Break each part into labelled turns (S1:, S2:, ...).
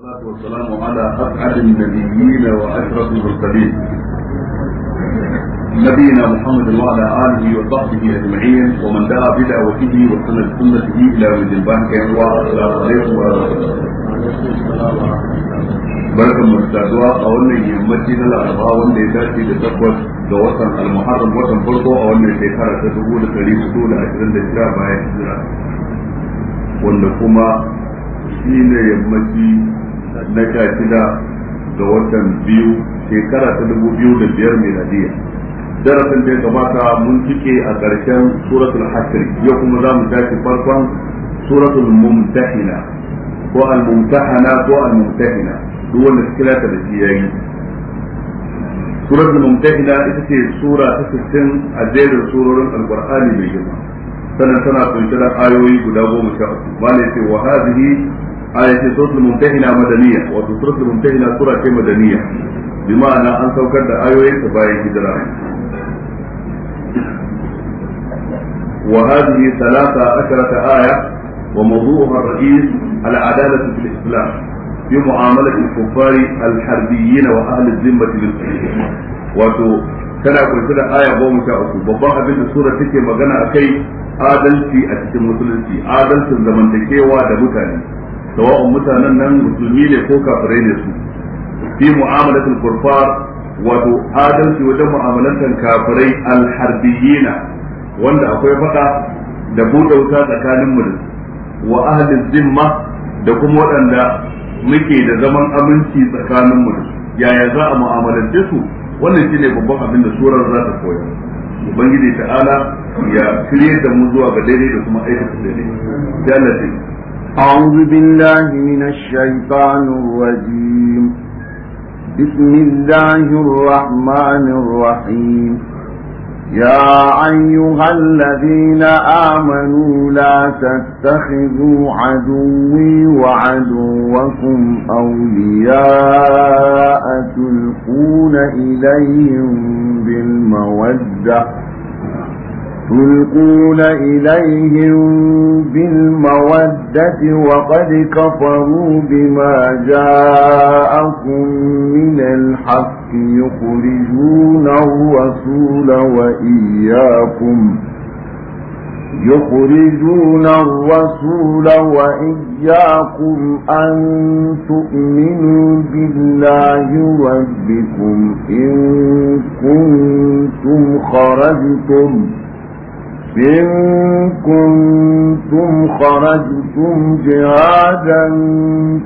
S1: والصلاة والسلام على أسعد النبيين وأشرف المرسلين نبينا محمد وعلى آله وصحبه أجمعين ومن دعا بدعوته وسنة سنته إلى يوم البان كان والسلام عليكم ورحمة الله barkan mu saduwa a wannan yammaci na laraba wanda ya dace da tabbas ga watan almuharram watan farko a wannan shekara ta dubu da ɗari hudu da ashirin da wanda kuma shi ne yammaci na sha shida ga watan biyu shekara ta dubu biyu da biyar miladiya darasin da ya gabata mun cike a ƙarshen suratul hasri yau kuma za mu tashi farkon suratul mumtahina ko al-mumtahana ko al-mumtahina duk wanda suka ta da shi suratul mumtahina ita ce sura ta 60 a jerin surorin alqur'ani mai girma sannan tana kunshe da ayoyi guda goma sha uku malai ce wa hadhihi ayatin suratul mumtahina madaniya wato suratul mumtahina sura ce madaniya bi an saukar da ayoyin ta bayan hijira wa hadhihi thalatha asharata aya wa mawdu'uha ar-ra'is al-adalatu fil islam fi mu'amalati al-kuffar al-harbiyyin wa ahli al-zimmah lil wato tana kunshe da aya goma sha uku babban abin da sura take magana akai adalci a cikin musulunci adalcin zamantakewa da mutane sawa'un mutanen nan musulmi ne ko kafirai ne su fi mu'amalatul kuffar wato adalci wajen mu'amalantar kafirai alharbiyina wanda akwai faɗa da buɗe wuta tsakanin mu wa ahlin zimma da kuma waɗanda muke da zaman aminci tsakanin mu yaya za a mu'amalance su wannan shine babban abin da surar za ta koya ubangiji ta'ala ya kire da mu zuwa ga daidai da kuma aikata daidai
S2: أعوذ بالله من الشيطان الرجيم بسم الله الرحمن الرحيم يا أيها الذين آمنوا لا تتخذوا عدوي وعدوكم أولياء تلقون إليهم بالمودة تلقون إليهم بالمودة وقد كفروا بما جاءكم من الحق يخرجون الرسول وإياكم يخرجون الرسول وإياكم أن تؤمنوا بالله ربكم إن كنتم خرجتم إن كنتم خرجتم جهادا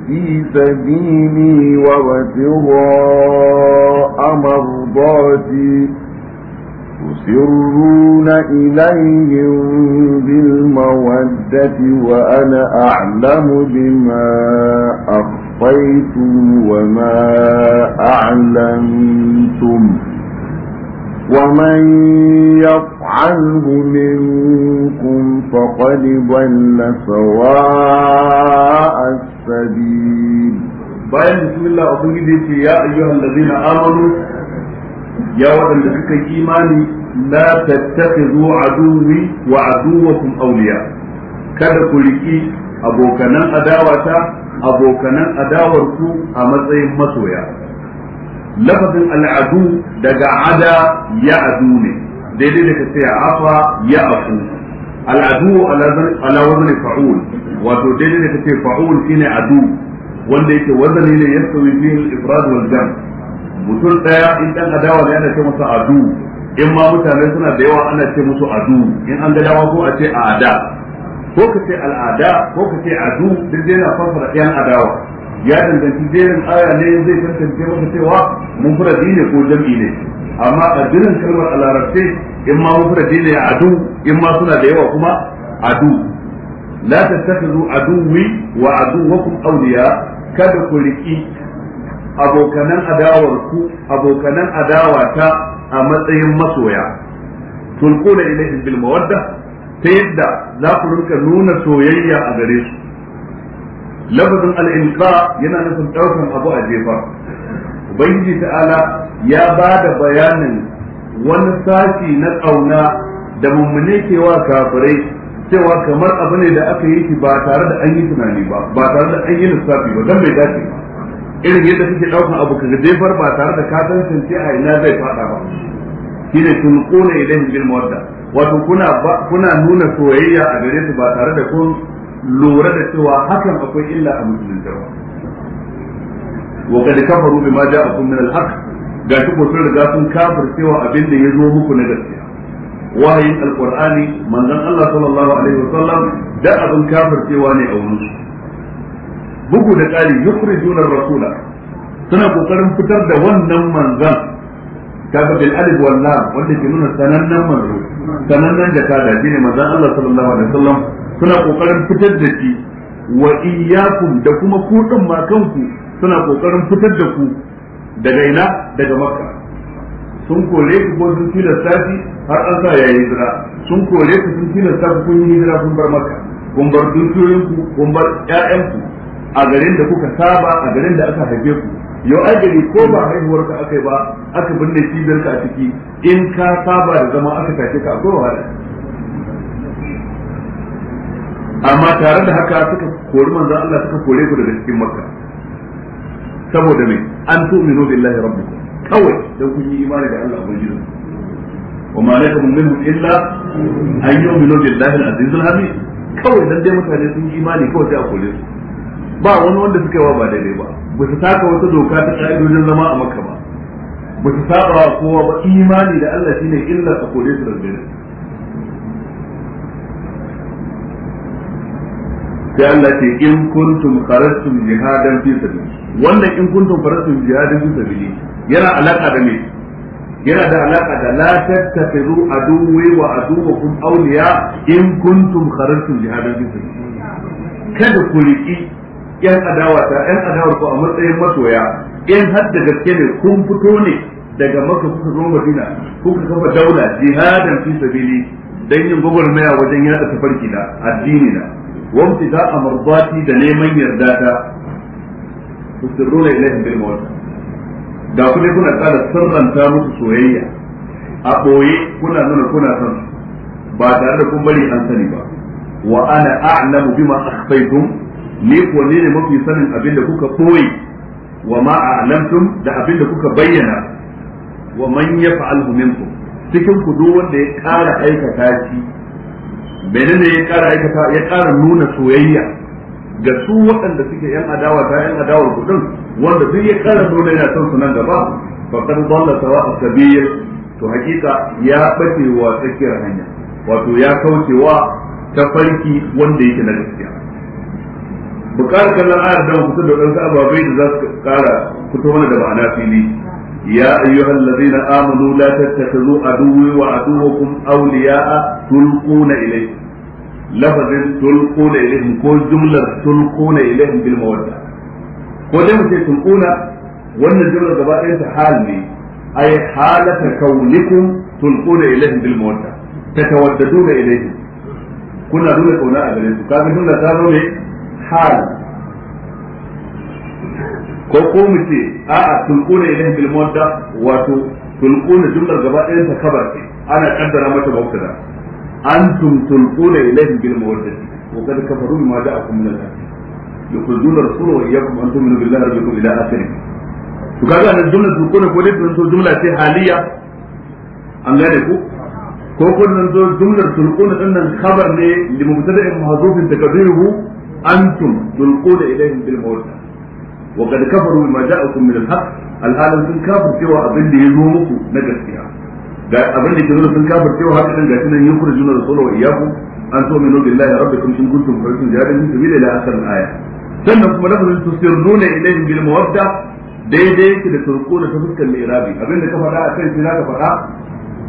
S2: في سبيلي وابتغاء مرضاتي تسرون إليهم بالمودة وأنا أعلم بما أخفيتم وما أعلنتم ومن يفعله منكم فقد ضل سواء السبيل bayan bismillah ubangiji ce ya ayyuhu ayyuhal ladina amanu ya
S1: waɗanda suka yi imani la tattakhidhu aduwwi wa aduwwakum awliya kada ku riki abokanan adawata abokanan adawarku a matsayin masoya lafazin al'adu daga ada ya adu ne daidai da ka ce afa ya afu al'adu ala wazan fa'ul wato daidai da ka ce fa'ul shine adu wanda yake wazani ne yasawi fihi al-ifrad wal jam mutum daya in dan adawa ne ana ce masa adu in ma mutane suna da yawa ana ce musu adu in an ga dawa ko a ce a ada ko ka ce al'ada ko ka ce adu duk dai na fassara yan adawa ya danganci jerin aya ne zai tantance maka cewa mufradi ne ko jam'i ne amma a jirin kalmar a larabce in ma mufradi ne adu in ma suna da yawa kuma adu la tattakhidhu aduwi wa aduwakum awliya kada ku riki abokanan adawar ku abokanan adawa ta a matsayin masoya tulquna ilayhim bil mawadda ta yadda za ku rinka nuna soyayya a gare su lafazin al'inka yana nufin ɗaukan abu a jefa ubangiji ta'ala ya ba da bayanin wani sashi na ƙauna da mummune ke wa kafirai cewa kamar abu ne da aka yi shi ba tare da an yi tunani ba ba tare da an yi lissafi ba don bai dace ba irin yadda suke ɗaukan abu ka jefar ba tare da ka tantance a ina zai faɗa ba Shi ne sun ƙona idan bil mawadda wato kuna nuna soyayya a gare su ba tare da kun lura da cewa hakan akwai illa a musuluntarwa wa kad kafaru bima ja'akum min al-haq ga shi ko sun riga sun kafir cewa abin da ya zo muku na gaskiya wahayin alqur'ani manzon Allah sallallahu alaihi wa sallam da abin kafir cewa ne a wurin bugu da kali yukhrijuna ar-rasula suna kokarin fitar da wannan manzon kaga bil alif wal lam wanda ke nuna sanannen manzo sanannen jakada shine manzon Allah sallallahu alaihi wa sallam suna kokarin fitar da shi wa iyyakum da kuma ku din ma kanku suna kokarin fitar da ku daga ina daga makka sun kore ku ko sun tilasta shi har an sa yayi hijira sun kore ku sun tilasta ku kun yi hijira kun bar makka kun bar ku, kun bar ku, a garin da kuka saba a garin da aka haife ku yau ajali ko ba haihuwar ka aka yi ba aka binne cibiyar ka a ciki in ka saba da zama aka tace ka akwai wahala amma tare da haka suka kori manzon Allah suka kore ku daga cikin makka saboda me an tu'minu billahi rabbikum kawai dan kun yi imani da Allah ubangiji wa ma lakum minhum illa an yu'minu billahi al-azizul hamid kawai dan dai mutane sun yi imani kawai sai a kore su ba wani wanda suka yi wa ba daidai ba ba su taka wata doka ta ka'idojin zama a makka ba ba su saba kowa ba imani da Allah shine illa a kore su zai sai Allah ce in kuntum kharajtum jihadan fi sabili wannan in kuntum kharajtum jihadan fi sabili yana alaka da me yana da alaka da la tattakhidhu aduwwi wa aduwwakum awliya in kuntum kharajtum jihadan fi sabili kada ku riki yan adawa ta yan adawar ku a matsayin masoya in har da gaske ne kun fito ne daga maka kuka zo madina kuka kafa daula jihadan fi sabili dan yin gwagwarmaya wajen yada tafarki da, addini na wamti za a marbati da neman yarda ta tusirruna ilaihim bil mawadda da kuma kuna tsara sirranta musu soyayya a boye kuna nuna kuna son ba tare da kun bari an sani ba wa ana a'lamu bima akhfaytum ni ko ne mafi sanin abin da kuka boye wa ma a'lamtum da abin da kuka bayyana wa man yaf'alhu minkum cikin ku duk wanda ya ƙara aikata shi menene ya kara aikata ya kara nuna soyayya ga su waɗanda suke yan adawa ta yan adawar kudin wanda duk ya kara nuna yana son su nan gaba fakar dalla sawa asabiyya to hakika ya bace wa tsakiyar hanya wato ya kaucewa farki wanda yake na gaskiya bukar kallon ayar da da wadansu ababai da za su kara fito mana da ma'ana fili ya ayyuhal الذين amanu لا تتخذوا aduwwi وعدوكم aduwwakum تلقون na lafazin tulquna ilaihim ko jumlar tulquna ilaihim bil mawadda ko dai mu ce tulquna wannan jumlar gaba ɗayan ta hal ne ay halata kaunikum tulquna ilaihim bil mawadda tatawaddaduna ilaihim kuna nuna kauna a gare su kafin jumla ta zo ne hal ko ko mu ce a'a tulquna ilaihim bil mawadda wato tulquna jumlar gaba ɗayan ta kabar ana kaddara mata mubtada antum tulquna ilayhi bil mawaddati wa qad kafaru bima ja'akum min al-haqq yukhrijuna rasula wa iyyakum an tu'minu billahi rabbikum ila akhirih to kaga nan jumla tulquna ko jumla gane ku ko kun nan zo jumlar tulquna din nan khabar ne li mubtada'in mahdhufin takdiruhu antum tulquna ilayhi bil mawaddati wa qad kafaru bima ja'akum min al-haqq al-alam sun kafir cewa abin da ya zo muku na gaskiya ga abin da ke nuna sun kafar cewa haka din gashi nan yukur juna rasul wa iyaku an so tu'minu billahi rabbikum in kuntum mu'minin jihadin fi sabili ila asar al-aya sannan kuma na lafazin tusirruna ilayhim bil mawadda daidai yake da turko da ta fuskar mai irabi abin da ka faɗa a kan shi ka faɗa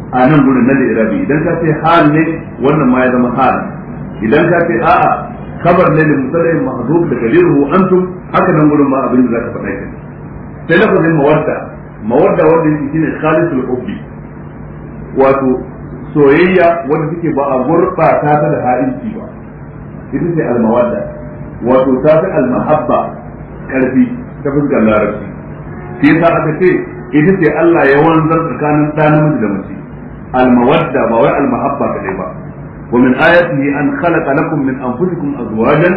S1: a nan gurin na da irabi idan ka ce hal ne wannan ma ya zama hal idan ka ce a'a kabar ne da musallin mahzub da galiru antum haka nan gurin ma abin da za ka faɗa kenan sai na lafazin mawadda mawadda wanda yake shine khalisul hubbi wato soyayya wanda suke ba a gurɓata ta da ha'inci ba ita ce almawadda wato ta fi almahabba ƙarfi ta fuskar larabci shi yasa aka ce ita ce Allah ya wanzar tsakanin ɗan namiji da mace almawadda ba wai almahabba kadai ba wa min ayatihi an khalaqa lakum min anfusikum azwajan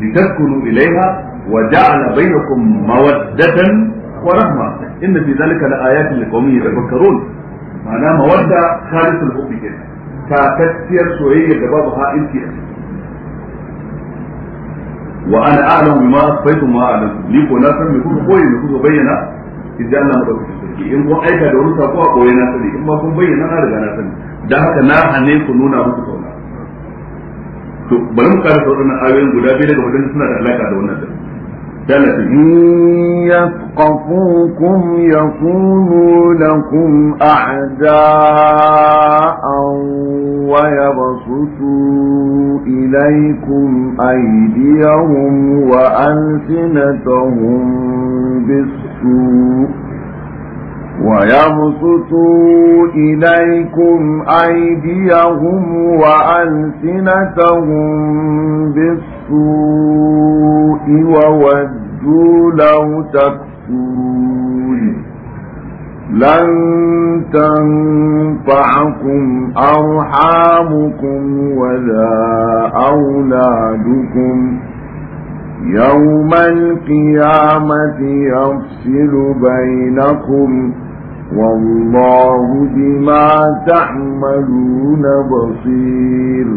S1: litaskunu ilayha wa ja'ala bainakum mawaddatan wa rahma inna fi dhalika laayatin liqaumin yatafakkarun ma'ana mawadda khalisul hubbi ta tatacciyar soyayya da babu ha'inci a ciki wa an a'lamu bima asfaytum ma a'lamu ni ko na san me kuka koyi me kuka bayyana idan Allah madaukakin sarki in kun aika da wani sako a koyi na sani in ma kun bayyana na riga na sani dan haka na hane ku nuna muku kauna to bari mu karanta wadannan ayoyin guda biyu daga wajen suna da alaka da wannan
S2: إن يثقفوكم يكونوا لكم أعداء ويبسطوا إليكم أيديهم وألسنتهم بالسوء ويبسطوا إليكم أيديهم وألسنتهم بالسوء وودوا لو تكفرون لن تنفعكم أرحامكم ولا أولادكم يوم القيامة يفصل بينكم والله بما تعملون بصير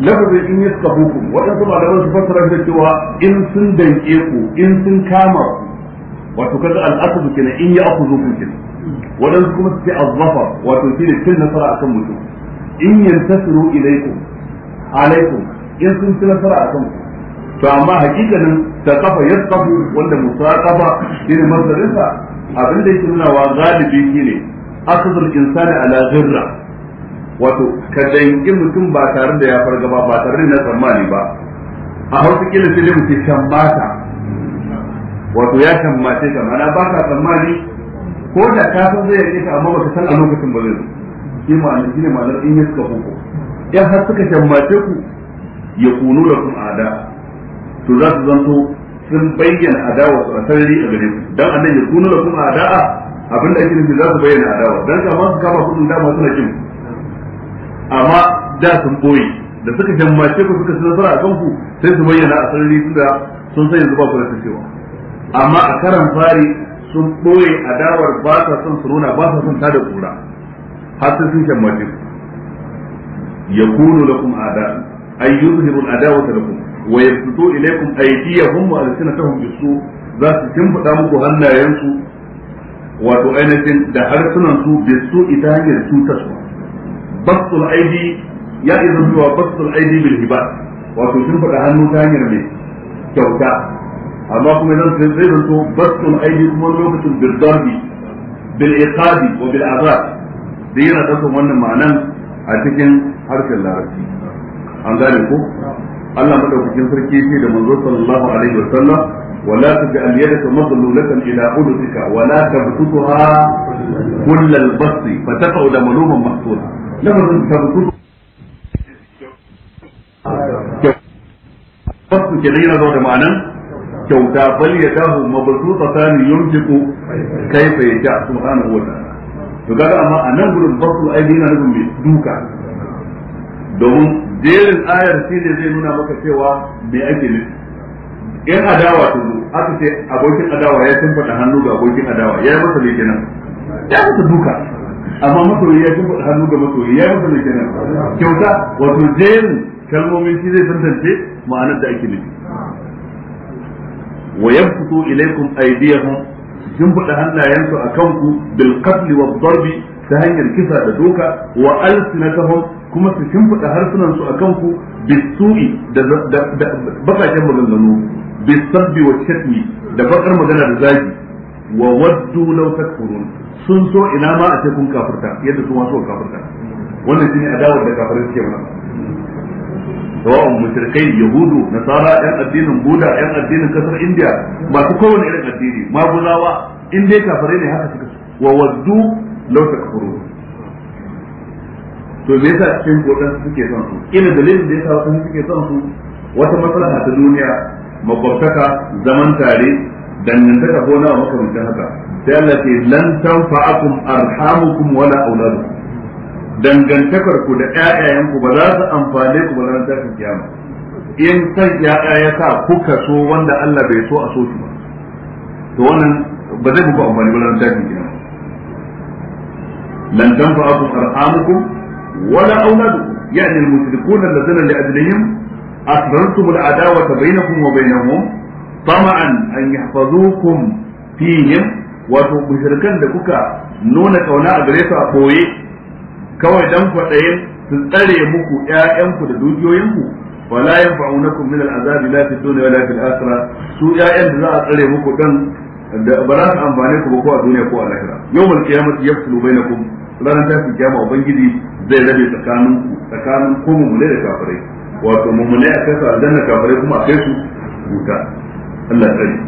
S2: lafazin in ya suka hukum waɗansu malaman su fassara da cewa in sun danke ku in sun kama ku
S1: wato kaga al'asabu kenan in ya aku zo kuke waɗansu kuma su ce azzafa wato shi ne cin nasara akan mutum in yantasiru ilaikum alaikum in sun nasara ku to amma ta kafa yasafu wanda masarinsa abin da yake nuna wa galibi ne akhdhul insani ala ghirra wato ka dangi mutum ba tare da ya fargaba ba tare da na tsammani ba a hausa kila sai mu ce tambata wato ya tambace ka mana ba ka tsammani ko da ka san zai yi ka amma ka san a lokacin ba zai shi ma'anar ne ma'anar in suka huku in har suka tambace ku ya kunu da kun ada to za su zanto sun bayyana adawa a sarari a gare don dan annan ya da kuma adawa abin da ake nufi za su bayyana adawa dan ka masu kama da dama suna kin amma da sun boye da suka jammace ku suka ci nasara a kanku sai su bayyana a sarari tunda sun sai yanzu ba ku da cewa amma a karan fari sun boye adawar ba sa son su nuna ba sa son tada kura har sai sun jammace ku yakunu lakum ada'a ay adawa ta adawata lakum wa yabsutu ilaykum aydiyahum wa alsinatahum bisu za su shimfida muku hannayensu wato ainihin da harsunan su bisu ita hanyar cutarwa basul aidi ya izu zuwa basul aidi bil hiba wato shimfida hannu ta hanyar mai kyauta amma kuma idan zai zanto basul aidi kuma lokacin birdarbi bil wa bil da yana ɗaukar wannan ma'anan a cikin harshen larabci an gane ko Allah madaukakin sarki ce da manzo sallallahu alaihi wasallam wala taj'al yadaka maghlulatan ila unuka wala tabsutha kull al-basti fataqud maluman mahsura lafazin tabsutha basu kenan yana zuwa da ma'anan kyauta bal yadahu mabsutatani yunfiqu kayfa yasha subhanahu wa ta'ala to kaga amma anan gurin basu aidi yana nufin mai duka domin jerin ayar shi ne zai nuna maka cewa me ake nufi in adawa ta zo aka ce abokin adawa ya tumfaɗa hannu ga abokin adawa ya masa mai kenan ya masa duka amma masoyi ya tumfaɗa hannu ga masoyi ya masa mai kenan kyauta wato jerin kalmomin shi zai tantance ma'anar da ake nufi wa yabsutu ilaykum aydiyahum jumbuda hannayensu akan ku bil qatl wa ta hanyar kisa da doka wa alsinatahum kuma su shimfiɗa harsunan su akan ku bisu'i da bakaken maganganu bisabbi wa shatmi da bakar magana da zagi wa waddu law takfurun sun so ina ma a ce kun kafirta yadda su wasu so kafirta wannan shine adawar da kafirai suke mana sawa'un mushrikai yahudu nasara yan addinin buda yan addinin kasar indiya masu kowane irin addini maguzawa in dai kafirai ne haka suka wa waddu law takfurun to me yasa cikin godan suke son su ina dalilin da yasa wasu suke son su wata maslaha ta duniya makwabtaka zaman tare dangantaka ko nawa makamantan haka sai Allah ce lan tanfa'akum arhamukum wala auladukum dangantakar ku da ƴaƴayen ku ba za su amfane ku ba ran ta kiyama in san ƴaƴa ya sa kuka so wanda Allah bai so a so shi ba to wannan ba zai muku amfani ba ran ta kiyama lan tanfa'akum arhamukum ولا أولاد يعني المشركون الذين لأجلهم أكبرتم العداوة بينكم وبينهم طمعا أن يحفظوكم فيهم wato mushrikan da kuka nuna kauna a gare su a koye kawai dan kwaɗayin su tsare muku ƴaƴanku da dukiyoyinku wala yanfa'unakum min al'azabi la fid dunya wala fil su ƴaƴan da za a tsare muku dan da ba za su ba ko a duniya ko a lahira yawmal qiyamati yafsulu ranar tafi kyama ubangiji zai rabe tsakanin tsakanin ko mummune da kafirai wato mummune a kai su aljanna kafirai kuma a kai su wuta Allah ya tsare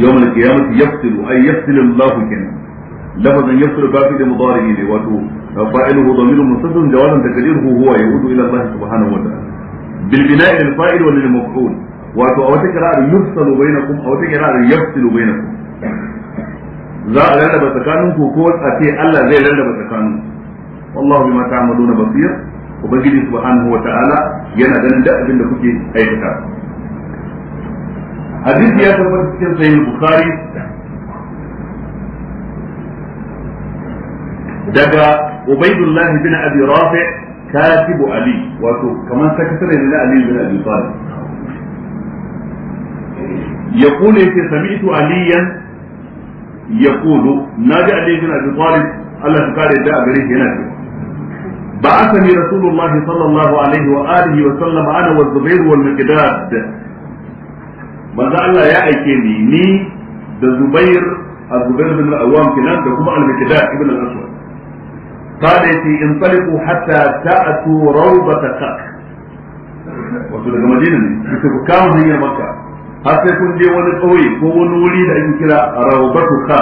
S1: yau mana ke yamsu yaftilu ai yaftilu Allahu kin lafazin yaftilu bafi da mudarihi ne wato fa'iluhu dhamirun mutasil jawazan takdiruhu huwa yahudu ila Allah subhanahu wa ta'ala bil bina'i lil fa'il wa lil maf'ul wato a wata kira da yusalu bainakum a wata kira da yaftilu bainakum za a rarraba tsakanin ku ko a ce Allah zai rarraba tsakanin wallahu bima ta'maluna basir ubangiji subhanahu wata'ala yana ganin duk abin da kuke aikata hadisi ya tabbata cikin sahih bukhari daga ubaidullah bin abi rafi katibu ali wato kamar sakatare ne na ali bin abi talib يقول سمعت عليا يقول ناجي علي بن ابي طالب الله تعالى جاء بريه ينادي بعثني رسول الله صلى الله عليه واله وسلم انا والزبير والمقداد ماذا قال يا ايكيني ني ذا زبير الزبير بن الاوام كنان ذا المقداد ابن الاسود قال يتي انطلقوا حتى تاتوا روضه كك وصلت المدينه كم هي مكه har sai kun je wani ƙauye ko wani wuri da ake kira rawbatu ka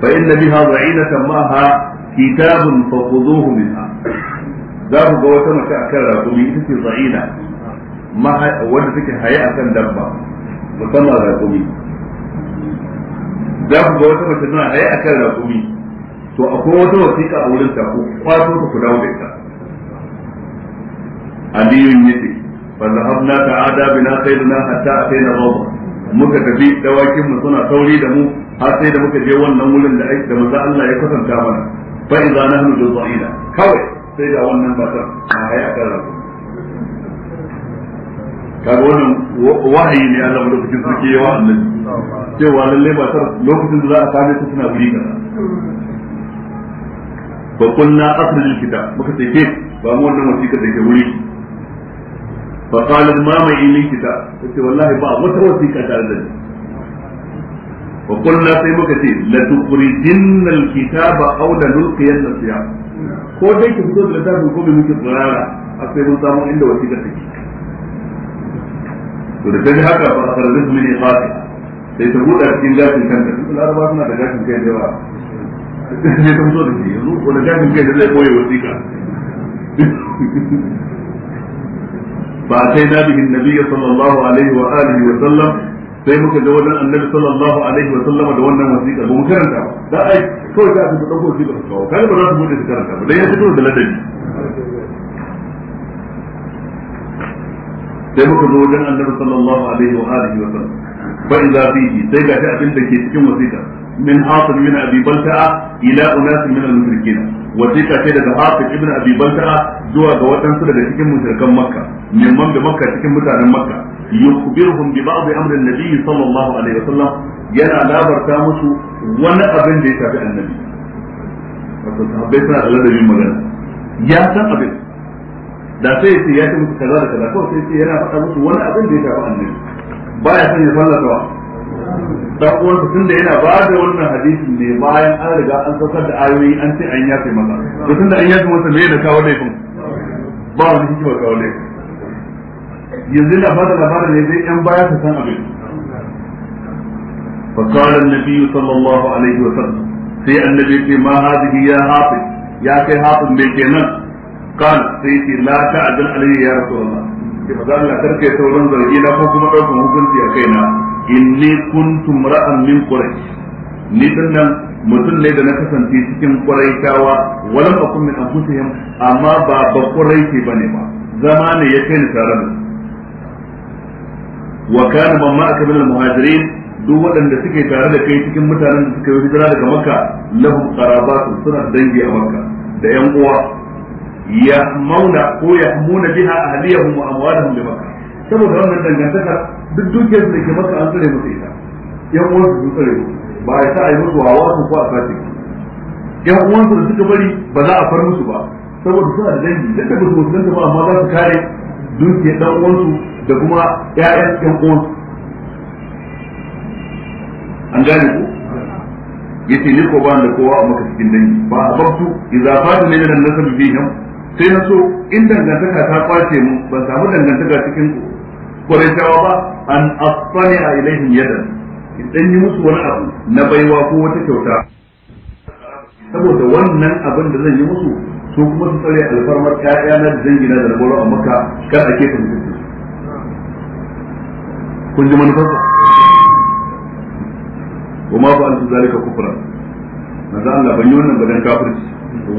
S1: fa inna biha za'inatan ma'aha kitabun fa khuduhu minha za ku ga wata mace akan rakumi ita ce za'ina wanda take haye akan dabba musamman rakumi za ku ga wata mace tana haye akan rakumi to akwai wata wasiƙa a wurin ta ko kwato ku dawo da ita aliyun yace fa zahabna ta'ada bina sayyidina hatta ataina rawda muka tafi dawakin mu suna sauri da mu har sai da muka je wannan wurin da da manzo Allah ya kwatanta mana fa idza nahnu juzaina kawai sai da wannan batar a haya kan rabu kaga wannan wahayi ne Allah lokacin suke yawa annabi cewa lalle batar lokacin da za a same ta suna wuri kaza fa kunna akhrij alkitab muka ce ke ba mu wannan wasiƙa da ke wuri فقال ما من إليك دا قلت والله با متوثيك دا وقلنا في مكتي لتخرجن الكتاب أو لنلقين الصيام قلت نعم. لك بدون لتاب وقوم بمكتب غرارة أصيب الضام عند وثيقة تكي ولكن هكا فأخرجت من إخاتي ليس بودا كين جاك من كنتر لا ربا سنا تجاك من كنتر ليس بودا كين جاك من كنتر ليس بودا كين جاك من كنتر ba kai na bihin nabi sallallahu alaihi wa alihi wa sallam sai muka ga wajen annabi sallallahu alaihi wa sallam da wannan wasiƙa ba mu karanta ba da ai kawai ta su dauko shi da su kawo kai ba za su bude su karanta ba dai ya fito da ladabi sai muka zo wajen annabi sallallahu alaihi wa alihi wa sallam fa idza fihi sai ga abin da ke cikin wasiƙa min hasan min abi balta'a ila unas min al-mushrikeena wasiƙa ce daga Asim ibn Abi Balta'a zuwa ga waɗansu daga cikin mushrikan Makka mimman da Makka cikin mutanen Makka yukhbiruhum bi ba'd amri an-nabi sallallahu alaihi wasallam yana labarta musu wani abin da ya shafi annabi wato sahabbai suna da ladabin magana ya san abin da sai ce ya ce musu kaza da kaza kawai sai ce yana faɗa musu wani abin da ya shafi annabi baya san ya fallasa dan uwansa tun da yana ba da wannan hadisin ne bayan an riga an saukar da ayoyi an ce an yafe maka. to tun da an yafe masa me da kawo laifin ba wani hikimar kawo laifin yanzu na ba da labarin ne zai yan baya ta san abin فقال النبي صلى الله عليه وسلم sai annabi ce ma hadhihi ya hafiz ya kai hafin bai kenan kan sai ce la ta'dil alayya ya rasulullah ki maza Allah karke sauran zargi na ko kuma daukan hukunci a kaina inni kuntum ra'an min quraish ni dinnan mutum ne da na kasance cikin quraishawa walam akun min anfusihim amma ba ba quraishi ba zama ne ya kai ni tare da wa kana man ma'aka min al-muhajirin duk waɗanda suke tare da kai cikin mutanen da suka yi hijira daga makka lahum qarabatun suna dangi a makka da yan uwa Ya mauna ko muna biha ahliyahum wa amwalahum bi makkah saboda wannan dangantakar duk dukiyar da ke maka an tsare musu ita yan uwan su tsare ba ya sa a yi musu hawa su ko a sace yan uwan su da suka bari ba za a far musu ba saboda suna da dangi da da musu musulunta ba amma za su kare dukiyar dan uwan su da kuma ƴaƴan yan uwan su an gane ku yace ni ko ba da kowa a maka cikin dangi ba a babtu idza fatu min an-nasab bihim sai na so in dangantaka ta kwace mu ban samu dangantaka cikin ku shawa ba an afani a ilaihin yadda idan yi musu wani abu na baiwa ko wata kyauta saboda wannan abin da zan yi musu su kuma su tsare alfarmar ƴaƴa na gina da rabaro a maka kar ake su mutunci kun ji manufarsa kuma ba an su zalika kufra manzo Allah ban yi wannan badan kafirci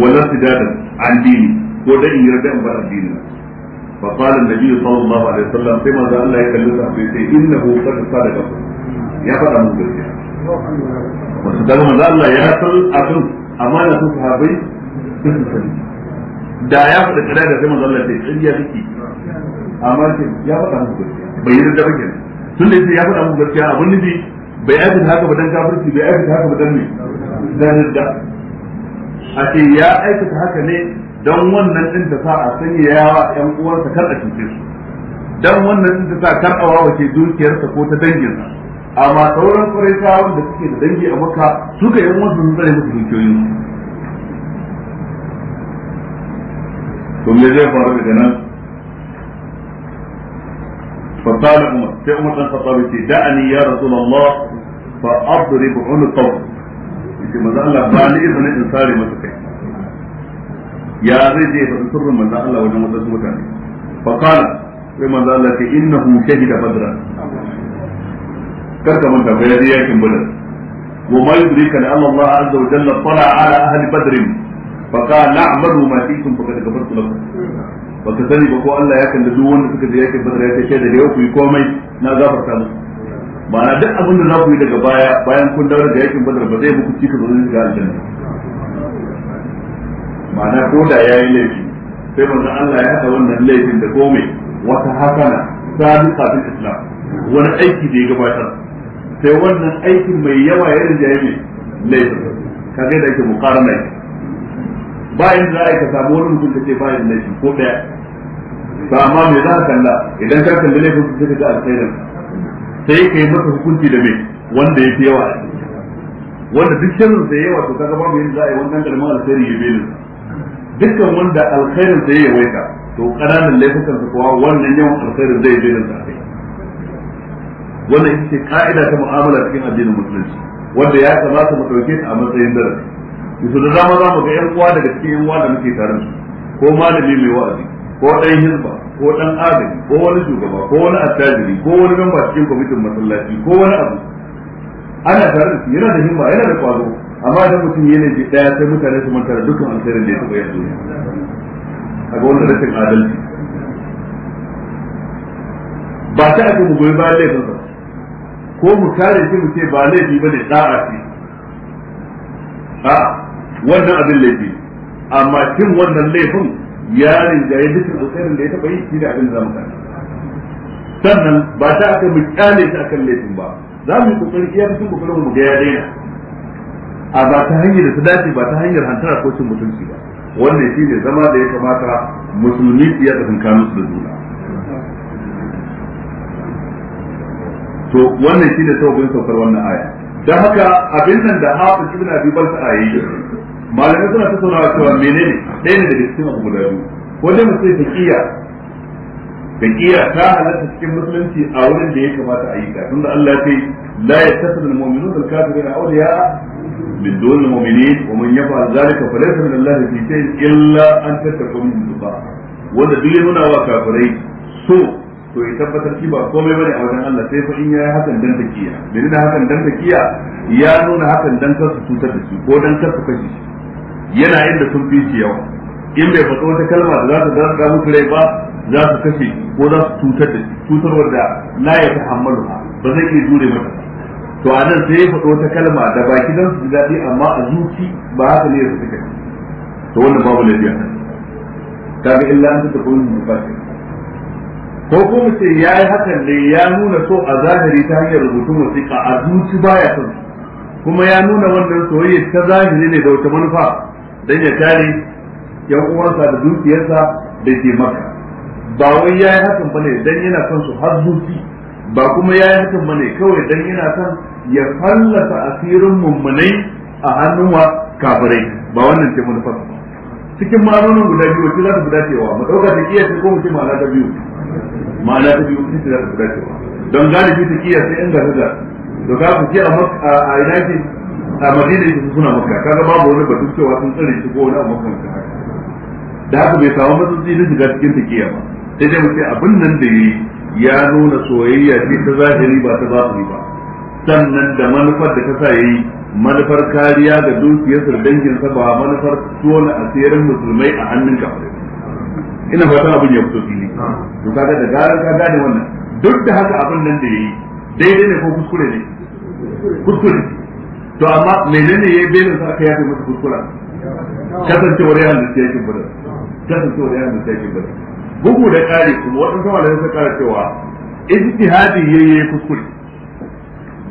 S1: wala sidadan an dini ko dan in yarda in bar addini fa qala annabi sallallahu alaihi wasallam sai manzo Allah ya kalli sa sai sai innahu qad sadaqa ya fada mun gaskiya wasu da manzo Allah ya san abin amma na su sahabbai da ya fada kada da sai manzo Allah sai kiriya kike amma sai ya fada mun gaskiya bai yarda ba kenan tun da ya fada mun gaskiya abin nufi bai aikata haka ba dan kafirci bai aikata haka ba dan ne dan da ake ya aikata haka ne don wannan din ta sa a sanya yawa yan uwansa kar a cuce su don wannan din ta sa kar a wawace dukiyarsa ko ta danginsa amma sauran kuraitawa da suke da dangi a maka suka yan wasu sun tsare musu dukiyoyin su to me zai faru daga nan sai Umar فقال عمر في عمر بن الخطاب دعني يا رسول الله فاضرب kawai. yace maza Allah ba ni izinin in sare masa kai ya zai je faɗi sirrin manzan Allah wajen wasu mutane fa qala sai manzan Allah ce innahu shahida badra kar ka manta ba ya je yakin badar wa ma yudrika la Allah azza wa jalla tala ala ahli badr fa qala na'malu ma fikum faqad ghafartu lakum baka sani ba ko Allah ya kalli duk wanda suka je yakin badar ya ce da yau ku yi komai na gafarta musu ma'ana duk abin da za ku yi daga baya bayan kun dawo daga yakin badar ba zai muku cika zuwa ga aljanna ma'ana ko da ya yi laifi sai manzo Allah ya haɗa wannan laifin da kome wata hasana sabiqa fil islam wani aiki da ya gabatar sai wannan aikin mai yawa ya rinjaye yi laifin ka kaga da yake muqarana bayan da za ka samu wani mutum da ce bayan laifi ko daya ba amma me za a kalla idan ka kalli laifin su ka ga alkhairin sai ka yi masa hukunci da mai wanda ya fi yawa wanda duk shirin sai yawa to kaga babu yadda za a yi wannan kalmar alkhairi ya bi dukkan wanda alkhairin zai ya yawaita to kananan laifukan su kuwa wannan yawan alkhairin zai je nan sai wannan ita ce ka'ida ta mu'amala cikin addinin musulunci wanda ya kamata mu dauke ta a matsayin darasi yanzu da zama za mu ga yan uwa daga cikin yan uwa da muke tare su ko malami mai wa'azi ko dan hizba ko dan abin, ko wani shugaba ko wani attajiri ko wani memba cikin kwamitin masallaci ko wani abu ana tare da su yana da himma yana da kwazo amma da mutum yana ji daya sai mutane su manta da dukkan alkhairin da ya taba yanzu ga wannan rashin adalci ba ta ake mu goyi bayan laifin ba ko mu kare shi mu ce ba laifi ne da'a ce a wannan abin laifi amma cin wannan laifin ya rinjaye dukkan alkhairin da ya taba yi shi da abin da zamu kare sannan ba ta aka mu kyale shi akan laifin ba za mu yi kokarin iya cikin kokarin mu ga ya daina a ba ta hanyar da ta dace ba ta hanyar hantara ko cin mutunci ba wannan shi ne zama da ya kamata musulmi su sun tsakankanin su da juna to wannan shi ne sababin saukar wannan aya don haka abin nan da hafiz ibn abi balsa a yi malamai suna ta saurawa cewa menene ɗaya ne daga cikin abu guda biyu ko dai mu sai taqiya taqiya ta halatta cikin musulunci a wurin da ya kamata a yi ta tunda Allah ya ce la yattasil al-mu'minuna al-kafirina awliya من دون المؤمنين ومن يفعل ذلك فليس من الله في شيء إلا أن تتقوا منهم تقاة wanda duk ya nuna wa kafirai so to ya tabbatar shi ba komai bane a wajen Allah sai fa in yayi hakan dan takiya dan da hakan dan takiya ya nuna hakan dan kar su cutar da shi ko dan kar su kashe yana inda sun fi shi yawa in bai faɗo wata kalma da za ta zarga musu rai ba za su kashe ko za su cutar da shi cutarwar wanda la ya tahammalu ba zai iya jure mata to a nan sai ya faɗo ta kalma da baki don su daɗi amma a zuci ba haka ne su suka to wanda babu lafiya ga illa an ta kuma mu ba ko kuma ce yi hakan ne ya nuna so a zahiri ta hanyar rubutun wasiƙa a zuci baya son kuma ya nuna wannan soyayya ta zahiri ne da wata manufa dan ya tare yan uwansa da dukiyarsa da ke maka ba wai ya yi hakan ba ne dan yana son su har zuci ba kuma ya yi hakan ba ne kawai dan yana son ya fallasa asirin mummunai a hannun wa kafirai ba wannan ce fasa cikin ma'anonin guda biyu wacce za ta guda cewa mu ɗauka ta kiyar ko mu ce ma'ana ta biyu ma'ana ta biyu ita za ta guda cewa don galibi ta kiyar sai in ga ga to ka ku ce a ina ce a madina yake suna maka kaga babu wani batun cewa sun tsare shi ko wani abu makon haka da haka bai samu matsatsi na shiga cikin ta kiyar ba sai dai mu ce abin nan da ya yi ya nuna soyayya ce ta zahiri ba ta zahiri ba sannan da manufar da ta sa manufar kariya ga dukiyarsa da sa ba manufar tona asirin musulmai a hannun ka ina fata abin ya fito fili to kaga da garan ka gane wannan duk da haka abin nan da yayi daidai ne ko kuskure ne kuskure to amma menene yayi bayanin sa aka yafe masa kuskura kasancewar ya halitta yakin badar kasancewar ya halitta yakin badar bugu da kare kuma waɗansu malamai suka kara cewa ijtihadi yayi kuskure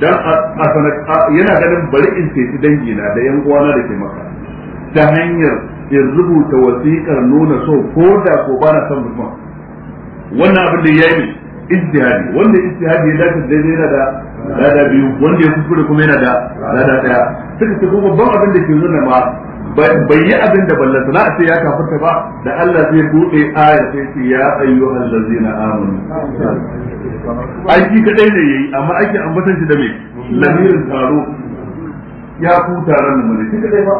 S1: dan a yana ganin bari in dangi na da yan uwana da ke maka ta hanyar in rubuta wasiƙar nuna so ko da ko bana na son mutum wannan abin da ya yi ijtihadi wanda ijtihadi ya dace da yana da lada biyu wanda ya kuskure kuma yana da lada daya suka ce babban abin da ke nuna ma bai yi abin da ballanta na ce ya kafirta ba da Allah zai bude ayar sai ce ya ayyuhal ladzina amanu aiki kadai ne yayi amma aiki ambatan shi da me lamirin taro ya ku taron mu ne kadai ba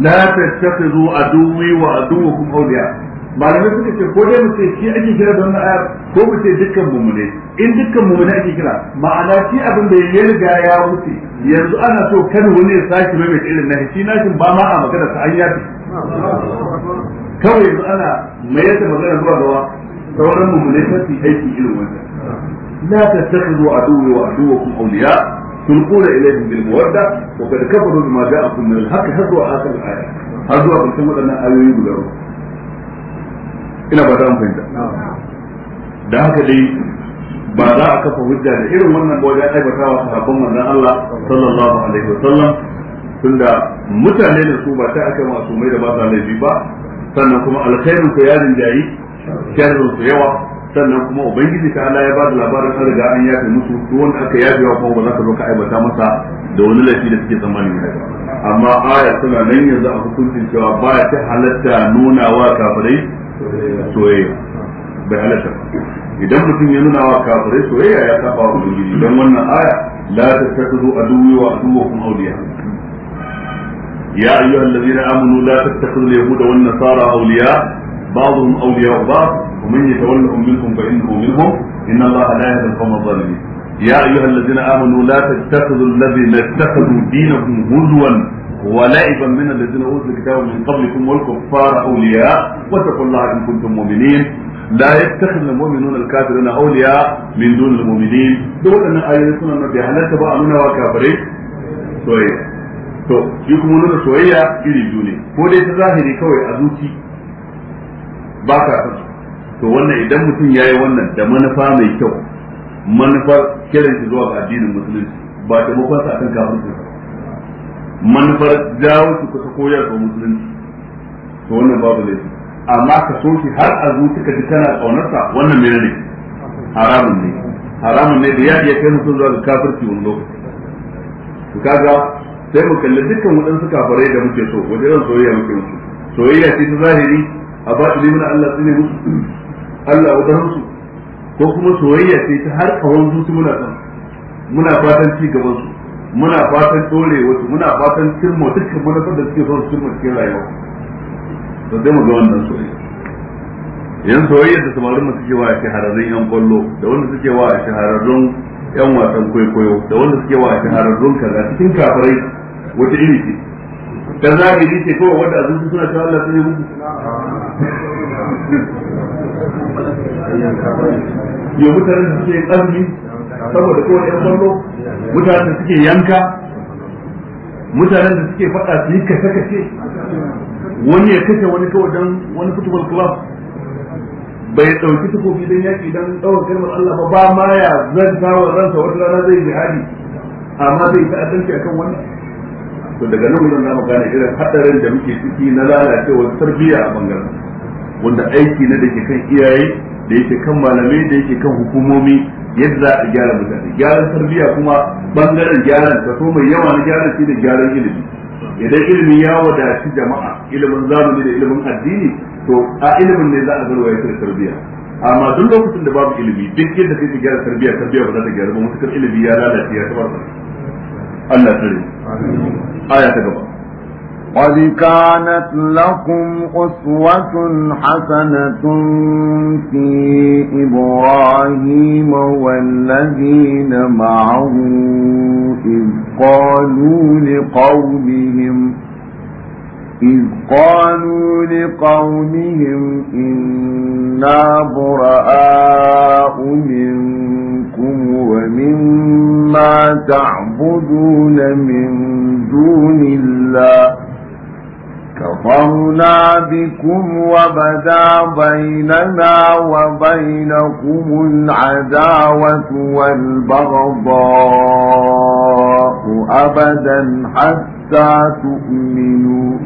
S1: la tattakhidhu aduwwi wa aduwwakum awliya malamai suka ce ko dai mu ce shi ake kira da wannan ayar ko mu ce dukkan mumune in dukkan mumune ake kira ma'ana shi abin da ya riga ya wuce yanzu ana so kan wani ya sake mai irin na shi ba ma a magana ta an yafi kawai yanzu ana mayar da magana zuwa gawa sauran mumune ta su aiki irin wannan la tattakhidhu aduwwa wa aduwwakum awliya تلقون إليهم بالمودة وقد كفروا بما جاءكم من الحق هزوا آخر الآية هزوا بالكم أن آية يقولون ina ba ta fahimta da haka dai ba za a kafa hujja da irin wannan ba wajen aibatawa sahabban manzon Allah sallallahu alaihi wa sallam tunda mutane da su ba ta aka masu mai da ba za laifi ba sannan kuma alkhairin ku ya rinjayi sharrin su yawa sannan kuma ubangiji ta Allah ya ba da labarin an riga an yafe musu duk wanda aka yafe wa kuma ba za ka zo ka aibata masa da wani laifi da suke zama ne amma aya suna nan yanzu a hukuncin cewa ba ta halatta nuna wa kafirai soyayya bai halatta idan mutum ya nuna wa kafirai soyayya ya saba wa ubangiji don wannan aya la tattakhudhu aduwwi wa aduwwakum awliya يا أيها الذين آمنوا لا تتخذوا اليهود والنصارى أولياء بعضهم أولياء بعض ومن يتولهم منكم فإنه منهم إن الله لا يهدي القوم الظالمين يا أيها الذين آمنوا لا تتخذوا الذين اتخذوا دينهم هزوا ولعبا من الذين اوتوا الكتاب من قبلكم والكفار اولياء واتقوا الله ان كنتم مؤمنين لا يتخذ المؤمنون الكافرين اولياء من دون المؤمنين دول ان ايات سنة bai halatta ba a nuna wa kafirai soyayya to shi nuna soyayya iri biyu ne ko dai ta zahiri kawai a zuci ba ka san to wannan idan mutum ya yi wannan da manufa mai kyau manufar zuwa addinin musulunci ba ta manufar jawo su kusa koyar da musulunci to wannan babu laifi amma ka so shi har a zuci ka ji kana kaunarsa wannan mene ne haramun ne haramun ne da ya iya kai mutum zuwa ga kafirci wani lokaci ka ga sai mu kalli dukkan waɗansu kafirai da muke so wajen ran soyayya muke musu soyayya ce ta zahiri a ba na Allah su ne musu Allah wadansu ko kuma soyayya ce ta har kawon zuci muna son muna fatan ci gaban su muna fatan dore wasu muna fatan cimma dukkan manufar da suke son cimma cikin rayuwa to dai mu ga wannan soyayya yan soyayya da samarin mu suke wa shahararrun yan kwallo da wanda suke wa shahararrun yan wasan kwaikwayo da wanda suke wa shahararrun kaza cikin kafirai wata iri ce dan zahiri ce kawai wanda azuci suna cewa Allah sun yi musu ya mutane da suke azumi saboda kowane yan kwallo mutanen da suke yanka mutanen da suke faɗa su yi kace-kace wani ya kace wani kawai don wani football club bai ɗauki takobi don yaƙi don ɗaukar kalmar Allah ba ba ma ya zanta wa ransa wata rana zai yi jihadi amma zai ta'addanci akan wannan to daga nan wajen zamu gane irin hadarin da muke ciki na lalacewar tarbiyya a bangaren wanda aiki na da ke kan iyaye da yake kan malamai da yake kan hukumomi yadda za a gyara mutane gyaran tarbiyya kuma bangaren gyaran kaso mai yawa na gyaran shi da gyaran ilimi idan ilimi ya wadaci jama'a ilimin zamani da ilimin addini to a ilimin ne za a zarwaya shi da tarbiyya amma duk lokacin da babu ilimi duk yadda kake gyara tarbiyya tarbiyya ba za ta gyara ba mutukar ilimi ya lalace ya tabar Allah tsare aya ta gaba
S2: قد كانت لكم أسوة حسنة في إبراهيم والذين معه إذ قالوا لقومهم إذ قالوا لقومهم إنا براء منكم ومما تعبدون من دون الله كفرنا بكم وبدا بيننا وبينكم العداوة والبغضاء أبدا حتى تؤمنوا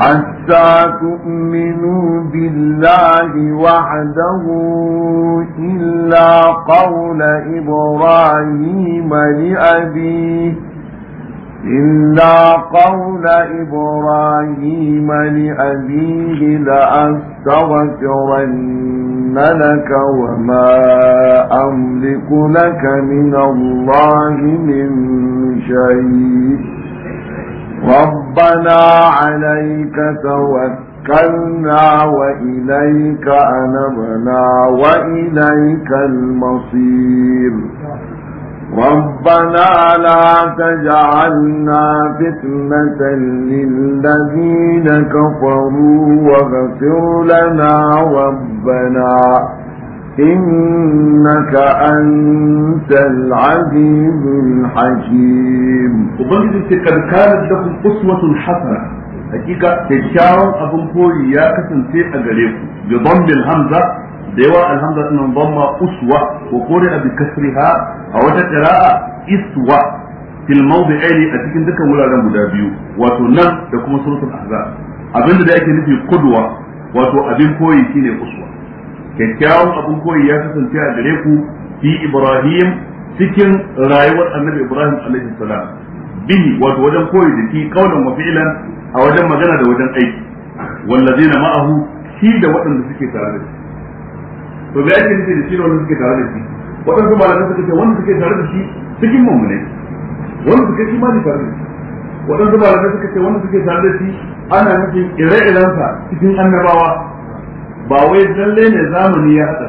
S2: حتى تؤمنوا بالله وحده إلا قول إبراهيم لأبيه إلا قول إبراهيم لأبيه لأستغفرن لك وما أملك لك من الله من شيء ربنا عليك توكلنا وإليك أنبنا وإليك المصير ربنا لا تجعلنا فتنة للذين كفروا واغفر لنا ربنا إنك أنت العزيز الحكيم وبنجد
S1: كانت لكم قسوة حسنة حقيقة تشاور أبو يا كسن سيء أجريكم بضم الهمزة da yawa alhamza sunan uswa wa qura bi a wata qira'a iswa fil mawdi'aini a cikin dukkan wuraren guda biyu wato nan da kuma suratul ahzab abinda da ake nufi kudwa wato abin koyi shine uswa kyakkyawan abin koyi ya kasance a gare ku fi ibrahim cikin rayuwar annabi ibrahim alaihi salam bihi wato wajen koyi da shi kaulan wa fi'lan a wajen magana da wajen aiki wallazina ma'ahu shi da waɗanda suke tare da shi to me ake nufi da shi da wanda suke tare da shi waɗansu da suka ce wanda suke tare da shi cikin mummune wanda suke shi ma ne tare da shi waɗansu da suka ce wanda suke tare da shi ana nufin ire-irensa cikin annabawa ba wai lallai ne zamani ya haɗa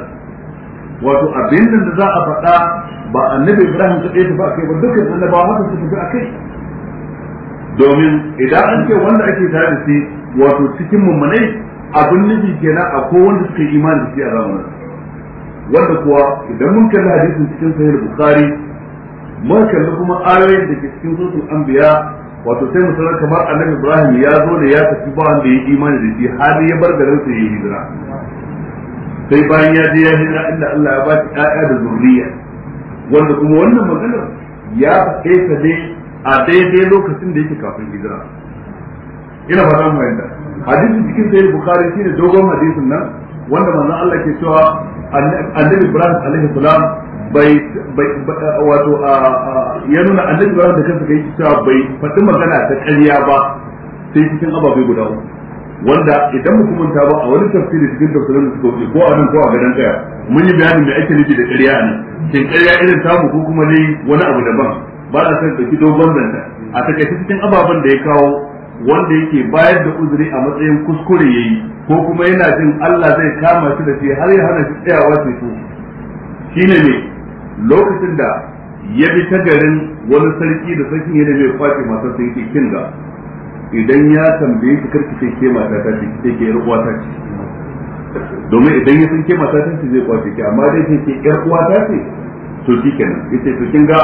S1: wato abin da za a faɗa ba annabi Ibrahim ta ɗaya ba kai ba dukkan annabawa haka su tafi a kai domin idan an ce wanda ake tare da shi wato cikin mummunai abin nufi kenan akwai wanda suka yi imani da shi a zamanin wanda kuwa idan mun kalli hadisin cikin sahih bukhari mun kalli kuma ayoyin da ke cikin sunan anbiya wato sai musulman kamar annabi ibrahim ya zo da ya tafi ba wanda ya imani da shi har ya bar garin sa ya hijira sai bayan ya je ya hijira inda Allah ya ba shi ƴaƴa da zuriya wanda kuma wannan magana ya faɗe ta ne a daidai lokacin da yake kafin hijira ina fata mu yanda hadisin cikin sahih bukhari shine dogon hadisin nan wanda manzon Allah ke cewa annabi ibrahim alaihi salam bai wato ya nuna annabi ibrahim da kansa kai cewa bai faɗi magana ta ƙarya ba sai cikin ababe guda uku wanda idan mu kuma ba a wani tafsiri cikin tafsirin da suka ko a nan ko a gidan kaya mun yi bayanin me ake nufi da ƙarya ne shin ƙarya irin tamu ko kuma ne wani abu daban ba a san ɗauki dogon zanta a takaice cikin ababen da ya kawo wanda yake bayar da uzuri a matsayin kuskure yayi ko kuma yana jin Allah zai kama shi da shi har ya hana shi tsayawa shi to shine ne lokacin da ya bi ta garin wani sarki da sarki ne da bai kwace masa sun ke kinga idan ya tambaye ki karki sai ke mata ta ce sai ke ruwa ta ce domin idan ya san ke mata ta ce zai kwace ki amma dai sai ke yar uwa ta ce to kenan ita to kinga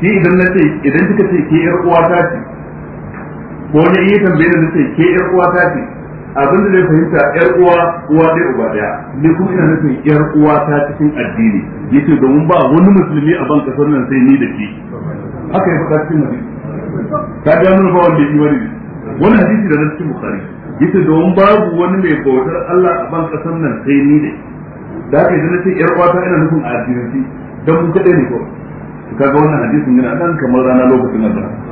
S1: shi idan na ce idan kika ce ke yar uwa ta ce ko ne yi tambayar da nace ke yar uwa ta ce abin da zai fahimta yar uwa uwa ɗaya uba ɗaya, ni kuma ina nufin yar uwa ta cikin addini ce domin ba wani musulmi a ban kasar nan sai ni da ke haka ya faɗa cikin hadisi ta ga nuna ba wanda yake wani wani hadisi da na cikin ya ce domin babu wani mai bautar Allah a ban kasar nan sai ni da da haka idan ce yar uwa ta ina nufin addinanci dan mu kaɗai ne ko ga wannan hadisin yana nan kamar rana lokacin azara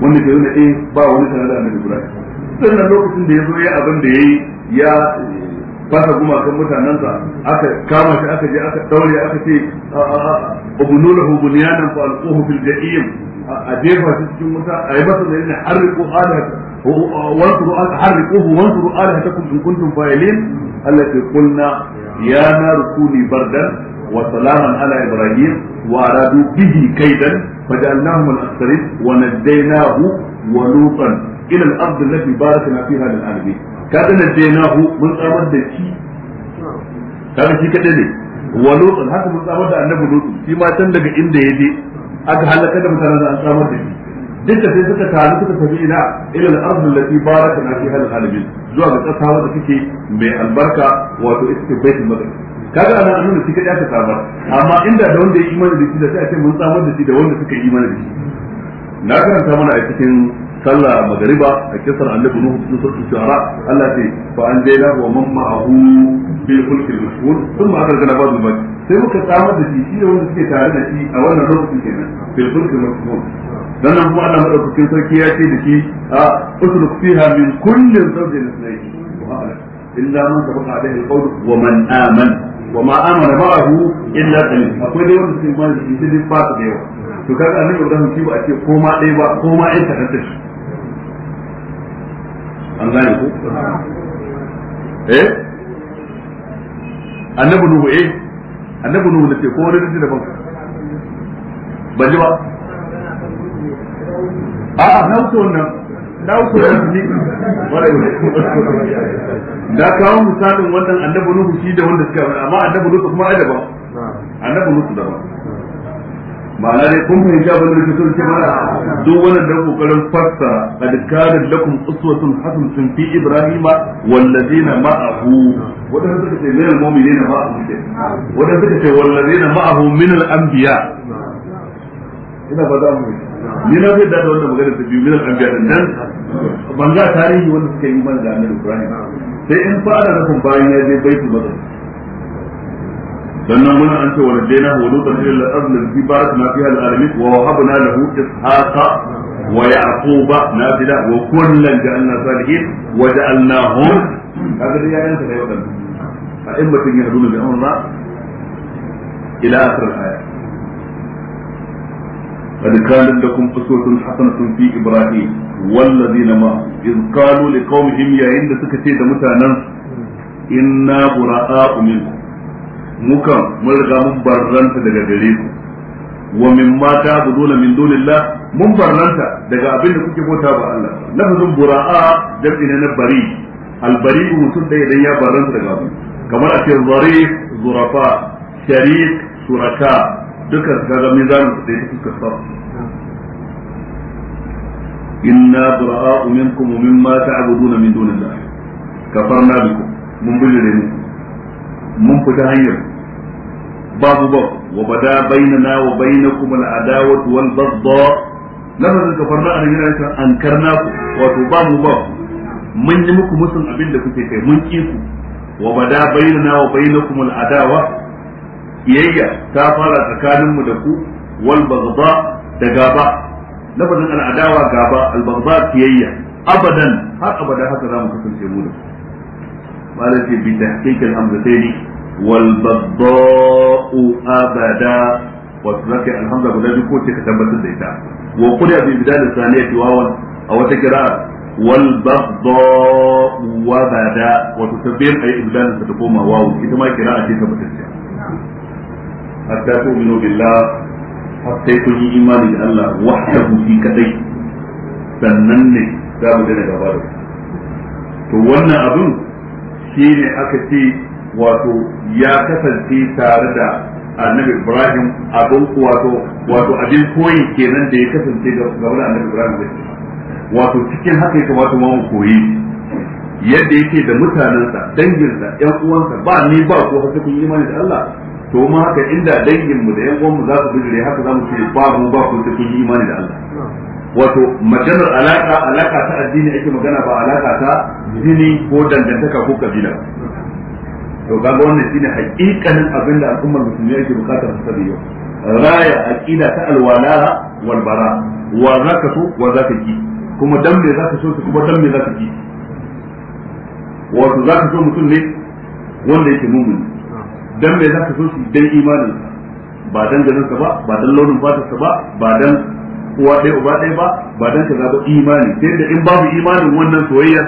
S1: wanda ke nuna eh ba wani sanar da annabi Ibrahim sannan lokacin da ya zo ya abin da ya yi ya fasa gumakan mutanensa aka kama shi aka je aka daure aka ce a abunulahu bunyanan fa alquhu fil jahim a jefa shi cikin wuta a yi masa da yana harriku alahata wansuru harriquhu wansuru alahatakum in kuntum fa'ilin allati qulna ya na narkuni bardan وسلاما على إبراهيم وأرادوا به كيدا فجعلناهم الأكثرين ونجيناه ولوطا إلى الأرض التي باركنا فيها للعالمين كذا نجيناه من أمد شيء كذا شيء كذا ولوطا هذا من أمد النبي لوط فيما تندق إن يدي aka halaka da mutanen an samar da shi duka sai suka taru suka tafi ina ila al-ardu allati barakna fiha al-alamin zuwa ga kasa wadda take mai albarka wato ita ce baitul maqdis kaga anan annabi shi kadai aka samar amma inda da wanda ya imani da shi da sai a ce mun samar da shi da wanda suka yi imani da shi na karanta mana a cikin sallah magariba a kisar annabi nuhu cikin suratul shu'ara Allah ce fa anjayna wa man ma'ahu bil fulk al mashhur thumma aghraqna ba'd al sai muka samar da shi shi da wanda suke tare da shi a wannan lokacin kenan bil fulk al mashhur dan nan kuma Allah madaukakin sarki ya ce da shi a usruk fiha min kulli zawjin ithnayn wa illa man sabaqa alayhi al qawl wa man amana wa ma amara ma'ahu illa qalil akwai dai wanda suka imani shi sai ba su da yawa to kaga annabi Ibrahim shi ba a ce ko dai ba eh annabi Nuhu eh annabi Nuhu da ce ko wani da daban ba ji ba a'a na wuce wannan na uku da su da kawo misalin wannan annabu nuhu shi da wanda suka amma annabu nuhu kuma ai daban Annabu nuhu daban ma'ana dai kun fahimci abin da rikicin ke mana duk wannan da kokarin fassara qad kana lakum uswatun sun fi ibrahima wallazina ma'ahu wadanda suka ce minal mu'minina ma'ahu wadanda suka ce wallazina ma'ahu minal anbiya ina ba za mu yi ni na zai da wannan magana ta biyu minal anbiya dan ban ga tarihi wanda suka yi mana da annabi Ibrahim sai in fara rafin bayan ya je baitul maqdis sannan muna an ce wa rajina wa lutan ila al-ardh allati barakna fiha al-alamin wa wahabna lahu ishaqa wa yaquba nafila wa kullan ja'alna salihin wa ja'alnahum kaga dai yayin sa ne wadannan a in mutun ya haduna bi amrina ila akhir al-ayat قد كان لكم أسوة حسنة في إبراهيم والذين معه إذ قالوا لقومهم يا عند سكتي دمتانا إنا براء منكم mukan mun riga mun barranta daga gare ku wa mimma ta'buduna min dunillah mun barranta daga abin da kuke bauta ba Allah lafazin bura'a jam'i ne na bari albari mutum da idan ya daga kamar a zurafa sharik suraka dukkan da kaga mizanin su dai ta umin sarf mata bura'a'u minkum wa mimma ta'buduna min Kafar na bikum mun da ni mun fita hanyar babu ba wa bada na wa bainakum babba. Na wal baghdha lafazin kafarna an yana an karna ku wato babu ba mun yi muku musun abin da kuke kai mun ki ku wa bada na wa bainakum al-adawa kiyayya ta fara tsakaninmu da ku wal baghdha da gaba lafazin adawa gaba al baghdha kiyayya abadan har abada haka za mu kasance mu da ku malaka bi tahqiqil hamzataini wal baghdha abada wato zaka alhamza guda biyu ko ce ka tabbatar da ita wa qura bi bidal saniyati wawan a wata kira wato a yi والبغضاء da وتتبين اي ابدال ستقوم واو كده ما كراءه تبتسم hatta tu'minu billah har sai kun yi imani da Allah shi kadai sannan ne gaba to wannan abin aka ce wato ya kasance tare da annabi Ibrahim abin wato wato abin koyi kenan da ya kasance gaba da annabi Ibrahim wato cikin haka ya kamata mu koyi yadda yake da mutanensa danginsa yan uwansa ba ni ba ko haka kun imani da Allah to mu haka inda dangin mu da yan uwan mu za su bijire haka za mu ce ba mu ba ku sai yi imani da Allah wato maganar alaka alaka ta addini ake magana ba alaka ta jini ko dangantaka ko kabila to kaga wannan shine hakikanin abin da al'ummar musulmi yake bukatar su sani yau raya aqida ta alwala wal bara wa zakatu wa ki kuma dan me zaka so kuma dan me zaka ki wato zaka so mutum ne wanda yake mumuni dan me zaka so su dan imanin ba dan ganin ka ba ba dan launin fatar ka ba ba dan uwa ɗaya uba ɗaya ba ba dan ka zaba imani sai da in babu imanin wannan soyayya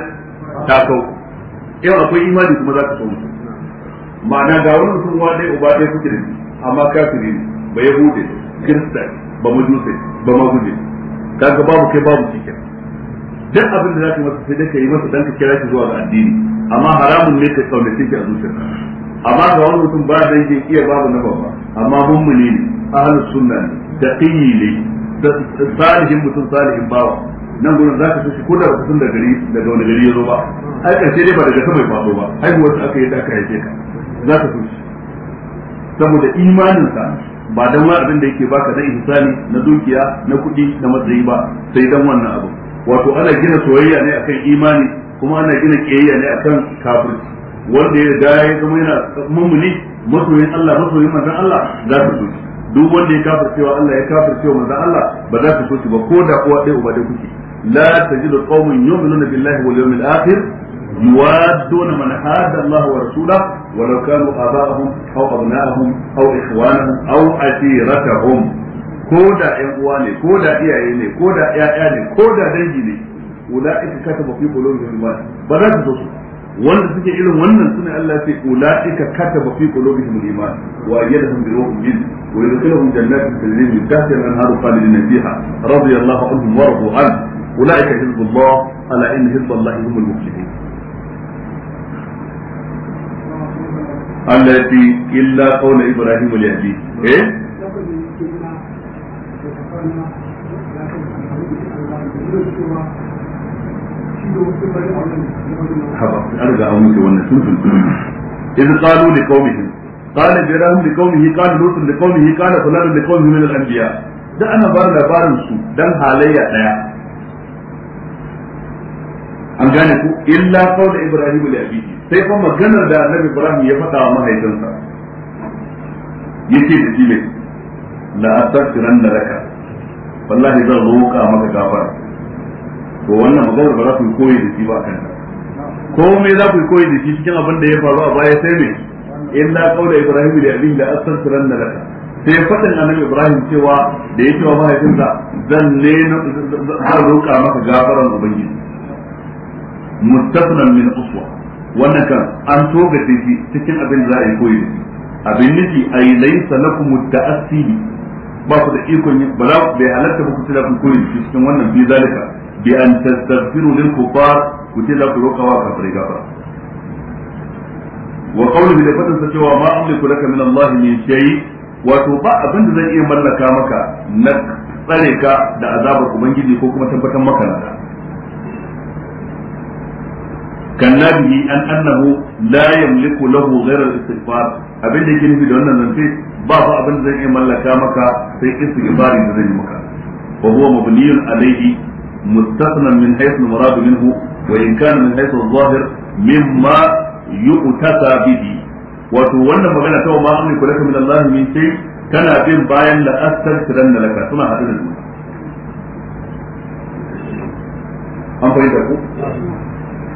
S1: ta kau yau akwai imani kuma zaka so mutum ma'ana ga wannan sun uwa ɗaya uba ɗaya kuke da amma kafiri ne ba yahude kirista ba majuse ba maguje kaga babu kai babu cikin duk abin da zaka masa sai dai ka yi masa dan ka kira shi zuwa ga addini amma haramun ne ka kaunace shi a zuciyarka amma ga wani mutum ba da yake iya babu na babba amma muni ne ahlus sunna ne Da kini ne da salihin mutum salihin bawa nan gurin zaka so shi ko da mutum da gari daga wani gari ya zo ba ai karshe dai ba daga sama ya fado ba haihuwar sa aka yi da aka haife ka zaka so shi saboda imanin sa ba dan wani abin da yake baka da ihsani na dukiya na kuɗi na matsayi ba sai dan wannan abu wato ana gina soyayya ne akan imani kuma ana gina kiyayya ne akan kafirci wanda ya ga ya zama yana mumuni masoyin Allah masoyin manzon Allah za su so duk wanda ya kafir cewa Allah ya kafir cewa manzon Allah ba za su so ba ko da uwa ɗaya uba ɗaya kuke la tajidu qauman yu'minuna billahi wal yawmil akhir يوادون من حاد الله ورسوله ولو كانوا آباءهم أو أبناءهم أو إخوانهم أو عشيرتهم كودا إخواني كودا إيعيني كودا إيعيني كودا دنجيني أولئك كتب في ba المال بذلك تصل wanda suke irin wannan suna Allah sai ulaika kataba fi qulubihim iman wa ayyadahum bi min wa yadkhuluhum jannatin tajri min tahtiha al-anhar fiha radiyallahu anhum wa radu an ulaika hizbullah ala inna hizballahi muflihun allati illa qawla ibrahim al-yahdi eh haba an riga an wuce wannan sun tuntuni idan qalu li qaumihim qala ibrahim li qaumihi qala lut li qaumihi qala fulan li qaumihi min al anbiya da ana bar labarin su dan halayya daya an gane ku illa qaul ibrahim li abihi sai fa maganar da annabi ibrahim ya faɗa wa mahaifinsa yace da shi ne la astaghfiranna laka wallahi zan roƙa maka gafara to wannan maganar ba za ku yi koyi da shi ba kan ko me za ku yi koyi da shi cikin abin da ya faru a baya sai me in la qawla ibrahim da abin da da laka sai fadin annabi ibrahim cewa da ya cewa mahaifinsa zan ne zan roƙa maka gafaran ubangiji mustafnan min uswa wannan kan an toga shi cikin abin da za a yi koyi da shi abin nufi ai laysa lakum ta'assibi ba ku da ikon ba za ku bai halatta ba ku tsira ku koyi cikin wannan bi zalika bi an tastaghfiru lil kuffar ku ce za ku roƙa wa kafirai gafara wa qawluhu da fatan sa cewa ma amliku laka min Allah min shay wato ba abin da zan iya mallaka maka na tsare da azabar ubangiji ko kuma tabbatar maka na kan nabi an annahu la yamliku lahu ghayra al-istighfar abin da yake nufi da wannan zance ba abin da zan iya mallaka maka sai istighfarin da zan yi maka wa مستثنى من حيث المراد منه وإن كان من حيث الظاهر مما يؤتسى به wato wannan magana ta ma amliku laka min Allah min shay kana bin bayan la astaghfiran laka suna hadu da juna an fahimta ku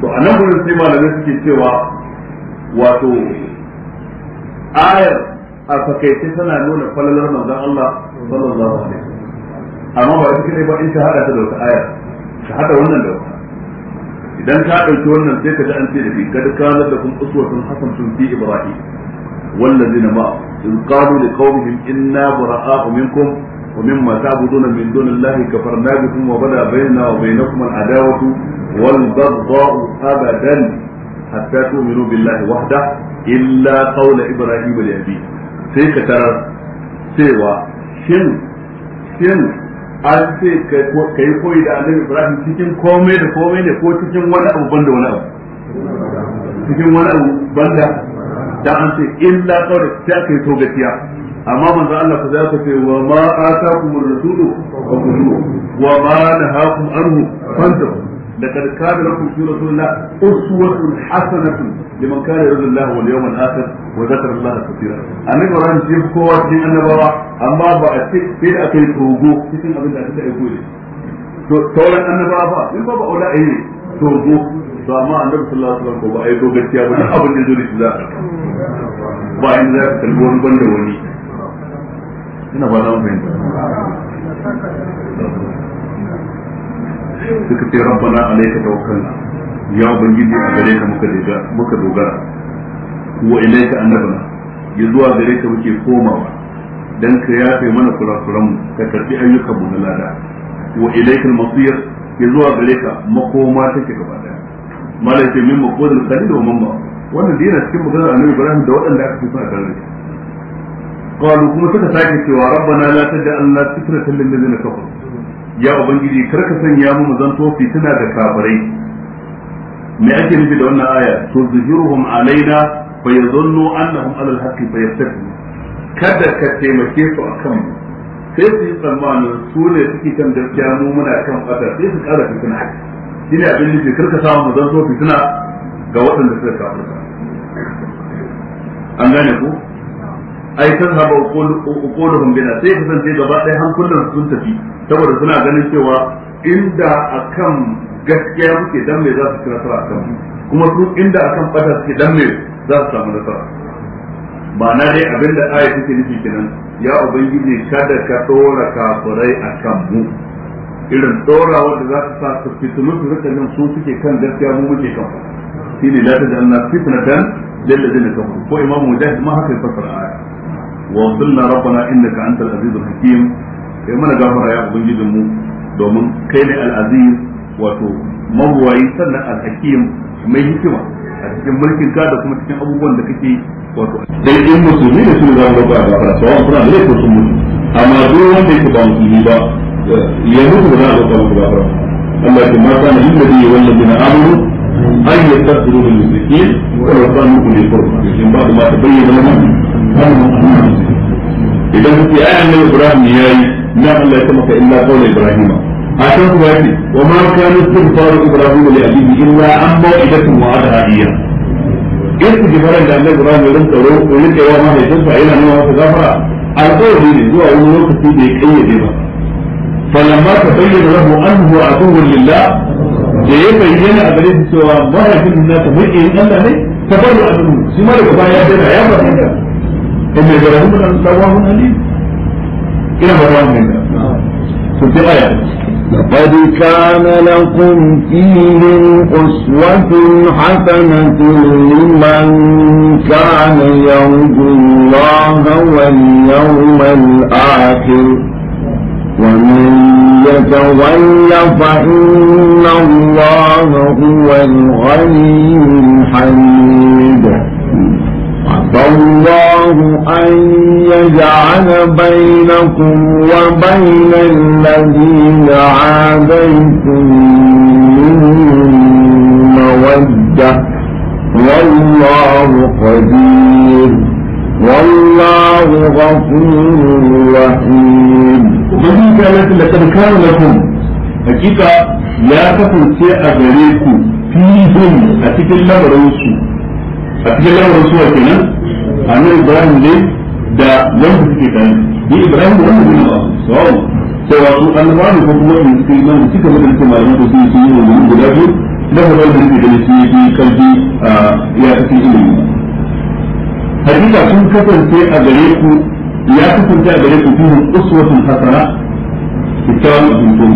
S1: to anan gurin sai malamai suke cewa wato ayar a fakaice tana nuna falalar manzon Allah sallallahu alaihi wasallam amma ba ita kai ba in hada ta da wata ayar ka hada wannan da idan ka dauki wannan sai ka ji an ce da shi kada ka nada kun uswatun hasanatu fi ibrahim wallazina ma in qalu liqawmihim inna bara'a'u minkum wa mimma ta'buduna min dunillahi kafarna bikum wa bada bayna wa bainakum al'adawatu wal baghdha'u abadan hatta tu'minu billahi wahda illa qawla ibrahim li abi sai ka tarar cewa shin shin an ce ka yi koyi da annabi ibrahim cikin komai da komai ne ko cikin wani abu banda wani abu cikin wani abu banda da an ce illa kawai sai aka yi togaciya amma manzo Allah ku za ku ce wa ma ataakumur rasulu wa ma nahakum anhu fantahu لقد كان لكم في رسول الله أسوة حسنة لمن كان يرجو الله واليوم الآخر وذكر الله كثيرا أنا قرأت جيب قوة في النبوة أما بأتك في أكل توجو كيفين أبدا أتك أقول تولى النبوة من باب أولئك توجو to amma annabi sallallahu alaihi wasallam ko ba ai to gaskiya ba abin da zuri za
S3: ba in za ka kalli wani
S1: banda wani ina ba za mu
S3: fahimta
S1: suka ce rabbana alayka tawakkalna ya ubangiji a gare ka muka dogara muka dogara wa ilayka annabana ya zuwa gare ka muke komawa dan ka yafe mana kurakuran mu ka karbi ayyukan mu na lada wa ilayka al-masir ya zuwa gare ka makoma take gaba daya malai ce min maqdul khalil wa mamma wannan dai yana cikin maganar annabi Ibrahim da waɗanda aka kusa a tare قالوا كما سكت ساكت ربنا لا تجعلنا فتنة للذين كفروا ya ubangiji kar ka sanya mu mu zanto fitina da kafirai me ake nufi da wannan aya to zuhiruhum alaina fa yadhunnu annahum ala alhaqi fa yastaqimu kada ka taimake su akan mu sai su yi tsammanin su ne suke kan gaskiya mu muna kan fata sai su kara fitina shine abin nufi kar ka samu mu zanto fitina ga waɗanda suka kafirta an gane ku ai kan haba ukuluhum bina sai kasance gaba ɗaya hankulan sun tafi saboda suna ganin cewa inda akan gaskiya muke dan me za su ci nasara akan kuma su inda akan fata suke dan me za su samu nasara Ba na dai abinda aya take nufi kenan ya ubangiji kada ka dora kafirai akan mu irin dora wanda za su sa su fitulu su rika nan su suke kan gaskiya mu muke kan shine la tajanna fitnatan lil ladina kafaru ko imamu mujahid ma haka ya fassara aya wa sunna rabbana innaka antal azizul hakim kai mana gafara ya ubangijin mu domin kai ne al-aziz wato mawwayi sannan al-hakim mai hikima a cikin mulkin ka da kuma cikin abubuwan da kake wato dai in musulmi da su za mu roƙa gafara to an kuna laifin sun mutu amma duk wanda yake ba musulmi ba ya mutu da za a roƙa musu gafara Allah ya ma kana yin nabi wannan bin amuru an yi tasiru da musulmi wa rafa muku ne kurma in ba ma ta bayyana mana idan kuke ayan Ibrahim ya yi na Allah ya maka illa qawla ibrahima a can kuma yake wa ma kana istighfaru ibrahim li abihi illa an ba ida ma'idatun wa in adaiya istighfaran da Allah ibrahim ya rinka ro ko rinka yawa mai jinsa yana nuna masa gafara alƙawari ne zuwa wani lokaci da ya kayyade ba falamma ta bayyana lahu annahu aduwwun lillah da ya bayyana a gare shi cewa mahaifin nasa mulkin Allah ne ta bayyana a shi ma daga baya ya
S2: daina ya fahimta in mai garahu mun an tsawa mun غير لقد كان لكم فيهم أسوة حسنة لمن كان يرجو الله واليوم الآخر ومن يتول فإن الله هو الغني الحميد فالله أن يجعل بينكم وبين الذين عاديتم منهم مودة والله قدير والله غفور رحيم
S1: وبه كانت لقد كان لكم حقيقة لا كفر سيء أغريكم فيهم أتكلم رسول أتكلم رسول كنا annabi ibrahim ne da wanda suke tare ni ibrahim da wanda ne ba sawu cewa ko kuma in suke suka mutu da malaman ko sun yi wani guda biyu da kuma wanda suke yi ya ilimi hakika sun kasance a gare ku ya kasance a gare ku uswatun hasana kyakkyawan mutum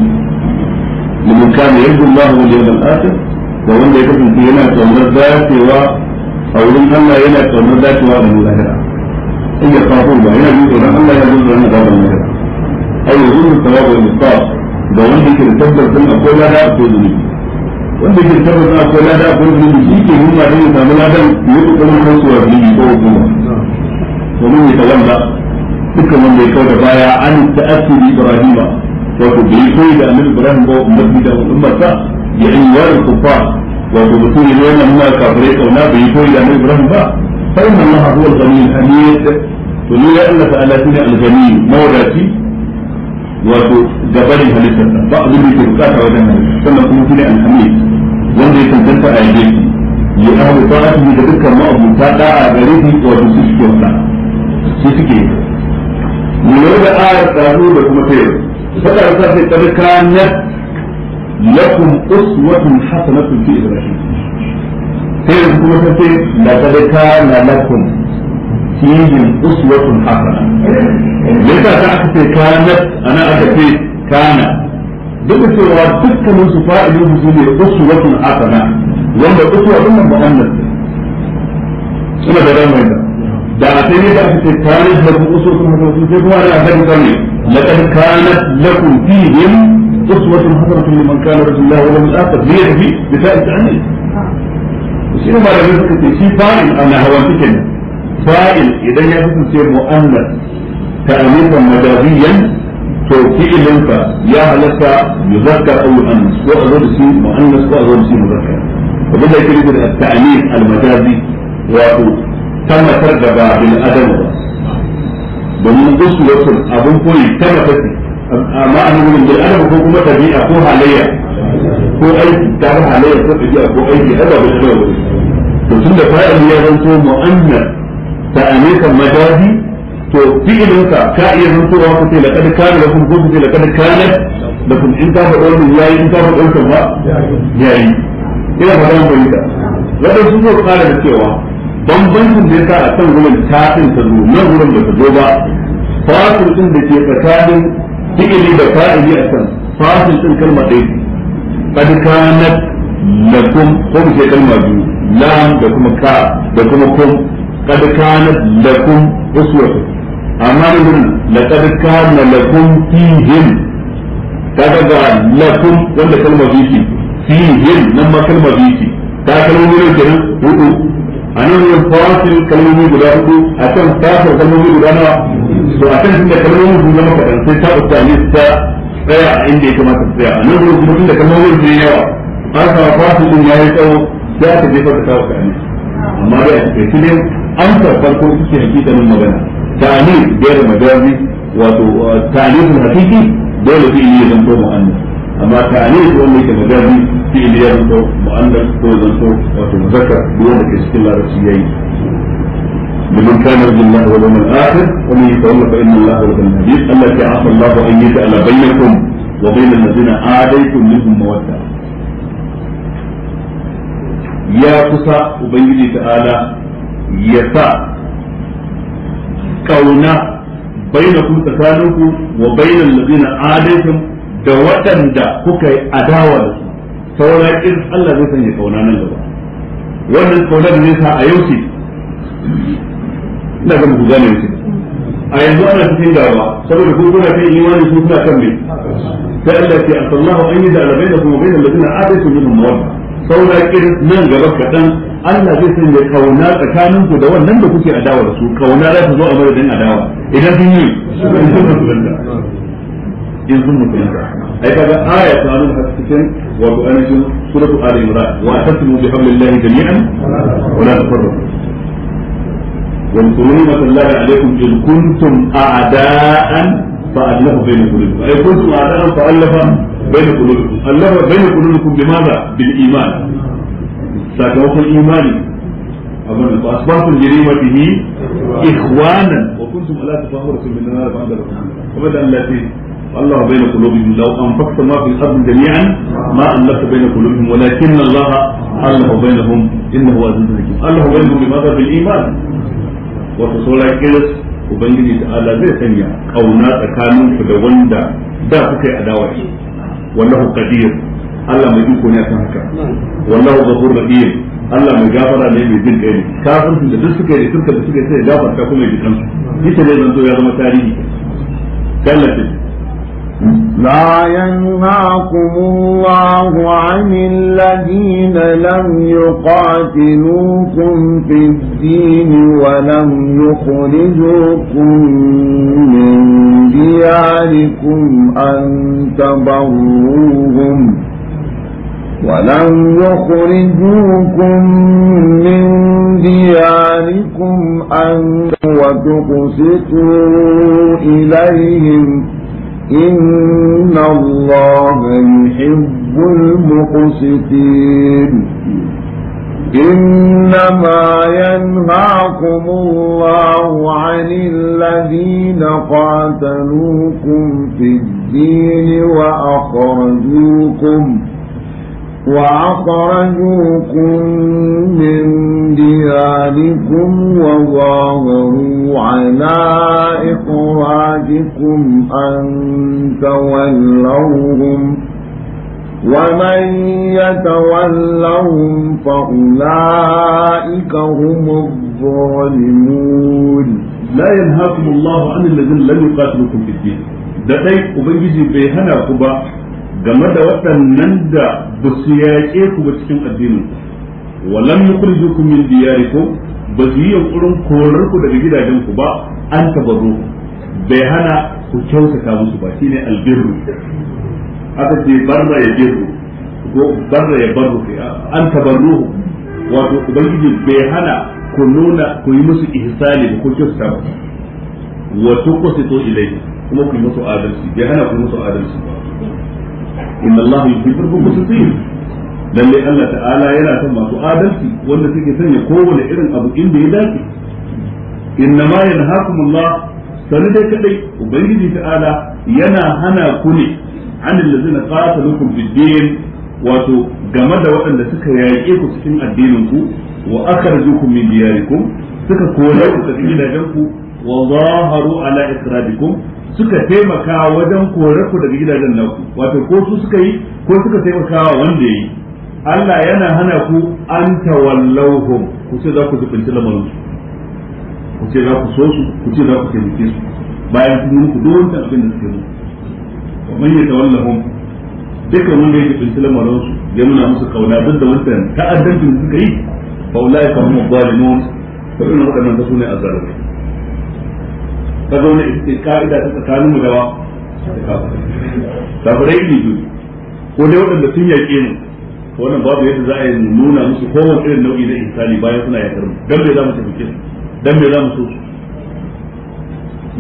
S1: kana yadda Allah wanda ya yana a wurin Allah yana kaunar dacewa da lahira in ya kafa ba yana jin tsoron Allah ya zuwa na gaban lahira ai yanzu mun sawa wa misaf da wanda ke tabbatar sun akwai lada akwai zunubi wanda ke tabbatar akwai lada akwai zunubi shi ke himma don ya samu ladan ya kokarin kasuwa zunubi ko hukuma domin ya tawalla dukkan wanda ya kawo da baya an ta'assiri ibrahima wato bai koyi da annabi ibrahim ba ummatin da ummarsa ya yi yaron kuffar wato mutum ne wannan muna kafirai kauna bai yi koyi da na Ibrahim ba fa inna Allah huwa al-ghani al-hamid to ne ya Allah ta'ala shine al-ghani mawadaci wato gabarin halittar ba abin da ke bukata wajen nan sannan kuma shine ne hamid wanda ya tantance a yake ya ahlu ta'ati da dukkan ma'abuta da'a gare shi wato su suke wata su suke mu da ayar da kuma sai fadar sa sai kada kanat lakum uswatun hasanatun da ibrahim sai da kuma ta ce da kada kana lakum fihim uswatun hasana yasa ta aka ce kana ana aka ce kana duk da cewa dukkanin su fa'ilin su ne uswatun hasana wanda uswatun nan ba annas suna da ramai da da a sai ne da aka ce kana lakum uswatun hasana sai kuma da aka ce kana أسوة حسنة لمن كان رجل الله واليوم الآخر ليهدي بسائر التأنيب وشنو ما لم يفكر شيء فاعل أنا هوانتك فاعل إذا يفكر شيء مؤنث تأنيبا مجازيا to fi'ilinka ya halatta yuzakkar aw yu'annas ko a zo da shi mu'annas ko a zo da shi muzakkar abin da yake nufi da ta'anin al-majazi ta tabbatar da ba bil ba domin uswatun abun koyi amma an yi bil adam ko kuma tabi'a ko halayya ko aiki ta halayya ko tabi'a ko aiki hada ba shi to tun da fa'il ya zanto mu'annas ta anisa majazi to fi'ilin ka ka iya zantowa ko sai laqad kana lakum ko sai laqad kana lakum in ka faɗa wannan yayi in ka faɗa wannan ba yayi ina faɗa wannan ba wadanda sun zo kare da cewa bambancin da yasa a kan wurin ta din ta zo nan wurin da ta zo ba fasul din da ke tsakanin fi'ili da fa'ili a can fasil din kalma ɗaya qad kanat lakum ko mu ce kalma biyu lam da kuma ka da kuma kum qad kanat lakum uswatu amma ne la laqad kana lakum fihim kaga ga lakum wanda kalma biyu ce fihim nan ma kalma biyu ce ta kalmomin kenan hudu a nan yin fasil kalmomi guda hudu a can fasar kalmomi guda nawa to a can tunda kalmomin sun zama kaɗan sai ta usta ne ta tsaya a inda ya kamata ta tsaya a nan wurin kuma tunda kalmomin sun yawa fasa fasil din ya yi tsawo sai aka jefa ta ta usta ne amma da a cikin ne an karɓar ko suke hakikanin magana ta ta'ani biyar majazi wato ta uh, ta'ani sun hakiki dole sai yi zanto mu'annas amma ta su wanda yake majazi fi'il ya mu'annas ko ya zanto wato zakar duk da ke cikin larabci yayi لمن كان يرجو الله واليوم الاخر ومن يتولى فان الله هو النبي التي عصى الله ان يجعل بينكم وبين الذين عاديتم منهم موده يا كسا ubangiji ta'ala ya sa kauna kun tsakaninku wa bainal ladina adaitum da waɗanda kuka yi adawa da su saura kin Allah zai sanya kauna nan gaba wannan kaunar ne sa a yau ce ina ga mu gane shi a yanzu ana cikin dawa saboda ko kuna kan imani kun kuna kan me sai Allah ke asallahu an yi da alabai da kuma bainal ladina adatu minhum mawadda saura kin nan gaba kadan Allah zai sanya kauna tsakanin ku da wannan da kuke adawa da su kauna za ta zo a madadin adawa idan kun yi in sun mutunta in sun mutunta ai kaga aya ta nuna haka cikin wato ainihin suratu ali imran wa tasmu bi hablillahi jami'an wa la tafarraqu wa qulna sallallahu alaikum in kuntum a'da'an fa allafa bayna qulubikum ai kuntum a'da'an fa allafa bayna qulubikum allafa bayna qulubikum bimaza bil iman sakamakon imani abin da asbabul jarimatihi ikhwanan wa kuntum ala tafahuratin min nar ba'da kuma da Allah والله بين قلوبهم لو أنفقت ما في الأرض جميعا ما ألفت بين قلوبهم ولكن الله ألف بينهم إنه عزيز حكيم ألف بينهم بماذا wato وتصور كيرس ubangiji da ala zai sanya kauna tsakanin ku da wanda da kuka yi adawa shi wallahu qadir Allah mai iko ne akan haka wallahu ghafur rahim Allah mai gafara ne mai jin kai kafirin da duk suka yi da da suka yi sai gafarta kuma ya ji kansu ita ne zanto ya zama tarihi kallatin
S2: لا ينهاكم الله عن الذين لم يقاتلوكم في الدين ولم يخرجوكم من دياركم أن تبروهم ولم يخرجوكم من دياركم أن وتقسطوا إليهم إن الله يحب المقسطين إنما ينهاكم الله عن الذين قاتلوكم في الدين وأخرجوكم وأخرجوكم من دياركم وظاهروا على إخراجكم أن تولوهم ومن يتولهم فأولئك هم الظالمون لا ينهاكم الله عن الذين لم يقاتلكم في الدين
S1: da dai ubangiji bai hana ku ba game da waɗannan da ba su yaƙe ku ba cikin addinin ku walam yukhrijukum min ko ba su yi yunkurin korar ku daga gidajen ku ba an zo bai hana ku kyautata musu ba shine albirru aka ce barra ya birru ko barra ya barru an zo wato ubangiji bai hana ku nuna ku yi musu ihsani ba ko kyautata ba wa tuqsitu ilai kuma ku yi musu adalci bai hana ku musu adalci ba inna allaha yuhibbul muqsitin lalle Allah ta'ala yana son masu adalci wanda suke sanya kowane irin abu inda ya dace inna ma Allah sanu dai kadai ubangiji ta'ala yana hana ku ne anil ladzina qataluukum fid-din wato game da waɗanda suka yaƙe ku cikin addinin ku wa akhrajukum min diyarikum suka kore ku daga gidajen ku wa zaharu ala isradikum suka taimaka wajen kore ku daga gidajen naku wato ko su suka yi ko suka taimaka wanda yi Allah yana hana ku an tawallauhum ku ce za ku zubunci lamarin ku ce za ku so su ku ce za ku taimake su bayan sun muku dole abin da suke muku wa man yatawallahum dukkan wanda yake zubunci lamarin su ya nuna musu kauna duk da wannan ta'addancin suka yi fa ulai ka hum zalimun fa inna wadannan su ne azzalimai ka zauna ka'ida ta tsakanin mu dawa kafirai ne biyu ko dai waɗanda sun yaƙe mu to wannan babu yadda za a yi nuna musu kowane irin nau'i na insani bayan suna yaƙar mu dan me za mu tafi kin dan me za mu so su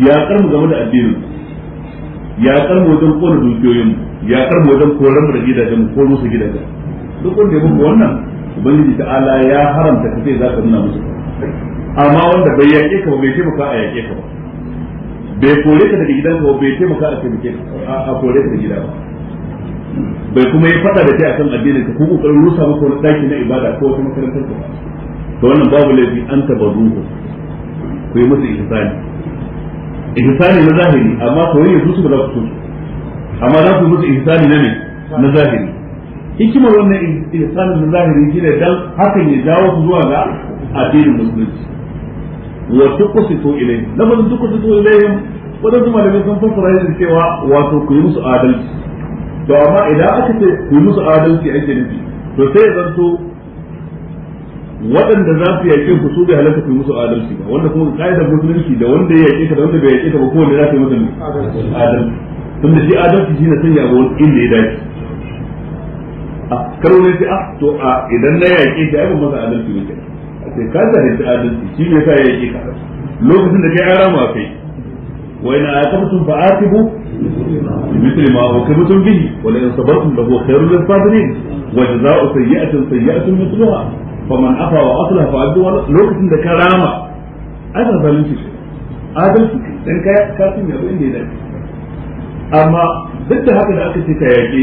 S1: yaƙar mu game da addinin yaƙar mu wajen kona dukiyoyin mu yaƙar mu wajen koran mu da gidajen mu ko musu gidajen duk wanda ya bugu wannan ubangiji ta'ala ya haramta kace za ka nuna musu amma wanda bai yaƙe ka ba bai ce ka a yaƙe ka ba bai kore ka daga gidan ba bai taimaka a taimake a kore ka daga gida ba bai kuma yi fada da kai akan addinin ka ko kokarin rusa maka wani daki na ibada ko wata makarantar ka to wannan babu laifi an tabarruhu ku yi musu ihsani ihsani na zahiri amma ko yayin su ba za ku amma za ku musu ihsani na ne na zahiri hikimar wannan ihsani na zahiri shine dan hakan ya jawo ku zuwa ga addinin musulunci wa tuqsitu ilayhim lafazin tuqsitu ilai wadansu malamai sun fassara shi cewa wato ku yi musu adalci to amma idan aka ce ku yi musu adalci ake nufi to sai ya zanto waɗanda za su yaƙe ku su bai halatta ku yi musu adalci ba wanda kuma ka'idar musulunci da wanda ya yaƙe ka da wanda bai yaƙe ka ba kowanne za ka yi musu adalci tunda shi adalci shi na sanya ga wani inda ya dace a karo ne sai ah, a to a idan na yaƙe shi ai ban masa adalci ne kenan sai ka zare shi adalci shi ne sai ya yi ka lokacin da kai an rama kai wa ina aqabtum fa aqibu bimithli ma uqibtum bihi wa la sabartum lahu khairul lisabirin wa jazaa'u sayyi'atin sayyi'atun mithluha fa man afa wa aslaha fa ajru lokacin da ka rama ana zalunci shi adalci dan kai ka sun yabo inda ya amma duk da haka da aka ce ka yaƙe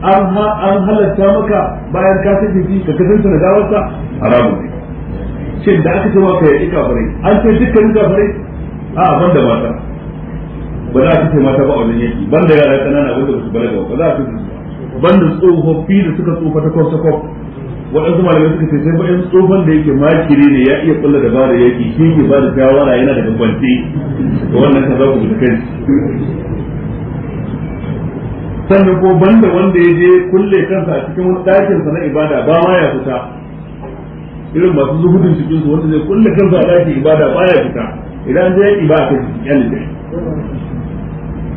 S1: an halatta maka bayan ka sake shi ka kasance na gawarsa haramun ne shin da aka ce ma ka yaƙi kafirai an ce dukkanin kafirai a ban da mata ba za a ce mata ba a wajen yaki ban da yara ƙanana wanda ba su balaga ba za a ce su ban da tsofaffi da suka tsofa ta kwaf kwaf waɗansu malamai suka ce sai bayan tsofan da yake makiri ne ya iya kulla bada yaki shi ke ba da shawara yana da bambance da wannan ka za ku bi kai sannan ko banda wanda ya je kulle kansa a cikin wani ɗakin sa na ibada ba ma ya fita irin masu zuhudin cikin su wanda zai kulle kansa a dakin ibada baya fita idan zai yi ibada ta yan da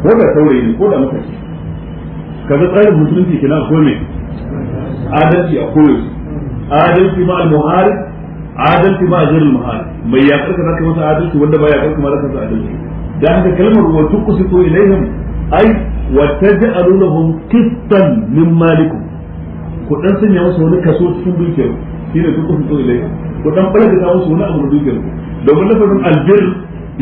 S1: ko da saurayi ne ko da muka kaga tsarin musulunci kina ko kome adalci a koyaushe adalci ma al muhari adalci ma al-muhari mai yakar ka zaka masa adalci wanda baya karka ma rasa adalci da haka kalmar wa tuqsitu ilaihim ai wa taj'alu qistan min malikum ku dan sanya musu wani kaso cikin dukiyar shine duk kun tsoye ko dan bala da musu wani abu da dukiyar ku domin lafazin albir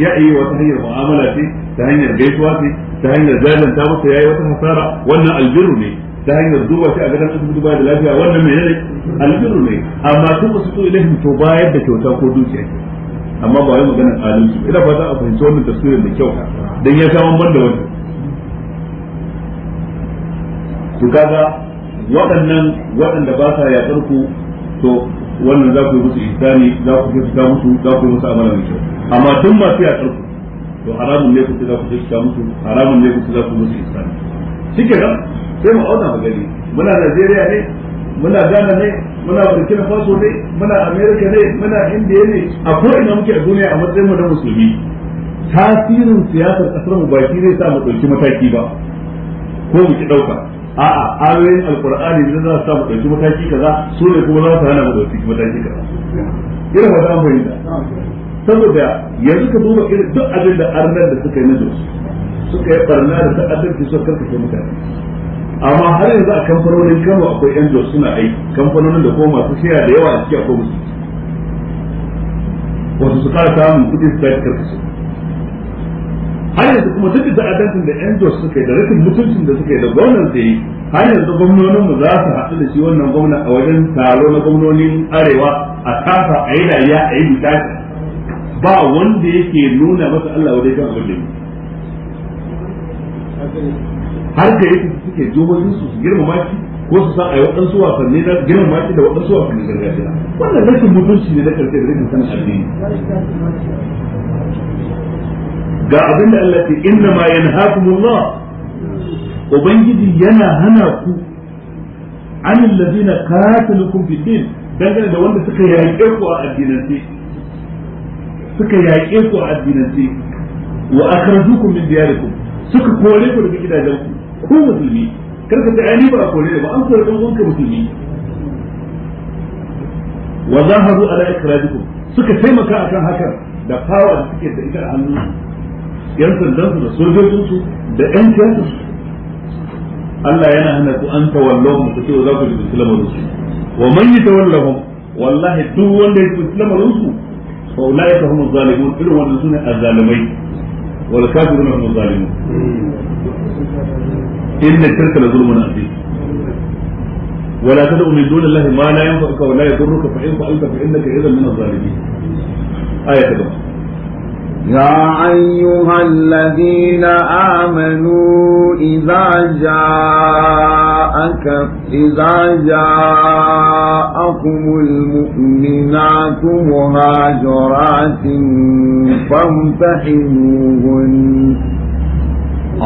S1: ya yi wata hanyar mu'amala ce ta hanyar gaisuwa ce ta hanyar zalunta masa yayi wata hasara wannan albiru ne ta hanyar duba shi a gadon asibiti ba da lafiya wannan me ne albiru ne amma duk su su lai to bayar da kyauta ko dukiya amma ba wai maganar alimci ina fata a fahimci wannan tafsirin da kyau dan ya samu banda wannan to kaga waɗannan waɗanda ba sa yaƙar ku to wannan za ku yi musu ihsani za ku kyautata musu za ku yi musu amana mai kyau amma duk masu yaƙar tsarku to haramun ne ku ci za ku kyautata musu haramun ne ku ci za ku musu ihsani shike nan sai mu auna mu gani muna Najeriya ne muna Ghana ne muna Burkina Faso ne muna America ne muna India ne a ko ina muke a duniya a matsayin mu na musulmi tasirin siyasar kasar mu baki zai sa mu ɗauki mataki ba ko mu ki ɗauka a'a ayoyin alkur'ani da za su samu dauki mataki kaza su ne kuma za su hana mu dauki mataki kaza irin wata an da. saboda yanzu ka duba irin duk abin da arnar da suka yi na dosu suka yi barna da ta'addanci karka ke mutane amma har yanzu a kamfanonin kano akwai yan dosu suna aiki kamfanonin da kuma masu shiya da yawa a ciki akwai musu wasu su kara samun kuɗi su tafi karkace har yanzu kuma duk da adalcin da yan jos suka yi da rikin mutuncin da suka yi da gwamnan sai yi har yanzu mu za su haɗu da shi wannan gwamna a wajen taro na gwamnonin arewa a kafa a yi rayuwa a yi misali ba wanda yake nuna masa Allah wajen kan abin da har da yake suke jobojin su su girma maki ko su san a yi waɗansu wasanni na girma maki da waɗansu wasanni gargajiya wannan rikin mutunci ne na karshe da rikin sanar addini ga abin da Allah ce inna ma yanhaakumullah ubangiji yana hana ku an na qatalukum fid din dangane da wanda suka yaƙe ku a addinance suka yaƙe ku a addinance wa akhrajukum min diyarikum suka kore ku daga gidajen ku ko musulmi kar ka ce ni ba a kore ba an kore dan uwanka musulmi wa zaharu ala ikhrajikum suka taimaka akan hakan da fawa da suke da ita a hannunsu yan sandansu da sojojinsu da yan siyasa Allah yana hana ku an tawallahum ku ce za ku ji musulmanin su wa man yatawallahum wallahi duk wanda ya ji su fa ulaika humuz zalimun irin wannan sune azzalimai wal kafiruna humuz zalimun inna shirka la zulmun azim ولا تدع من دون الله ما لا ينفعك ولا يضرك فإن فعلت فإنك إذا من الظالمين
S2: آية تبقى يا أيها الذين آمنوا إذا جاءك إذا جاءكم المؤمنات مهاجرات فامتحنوهن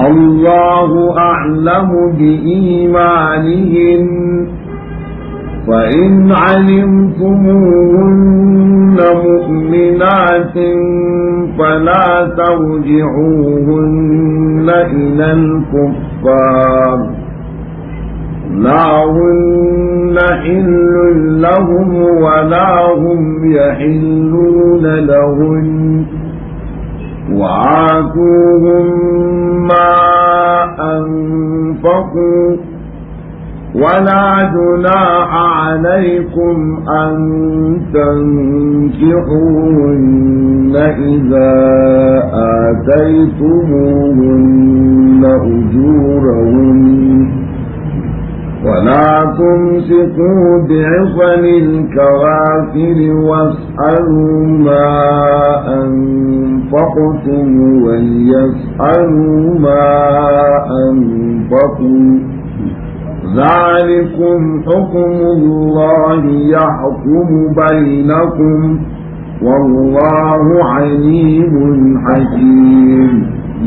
S2: الله أعلم بإيمانهن فإن علمتموهن مؤمنات فلا ترجعوهن إلى الكفار لا هن حل لهم ولا هم يحلون لهن وآتوهم ما أنفقوا ولا جناح عليكم أن تنكحوهن إذا آتيتموهن أجورهن ولا تمسكوا بعصم الكوافر واسألوا ما أنفقتم وليسألوا ما أنفقوا ذلكم حكم الله يحكم بينكم والله عليم حكيم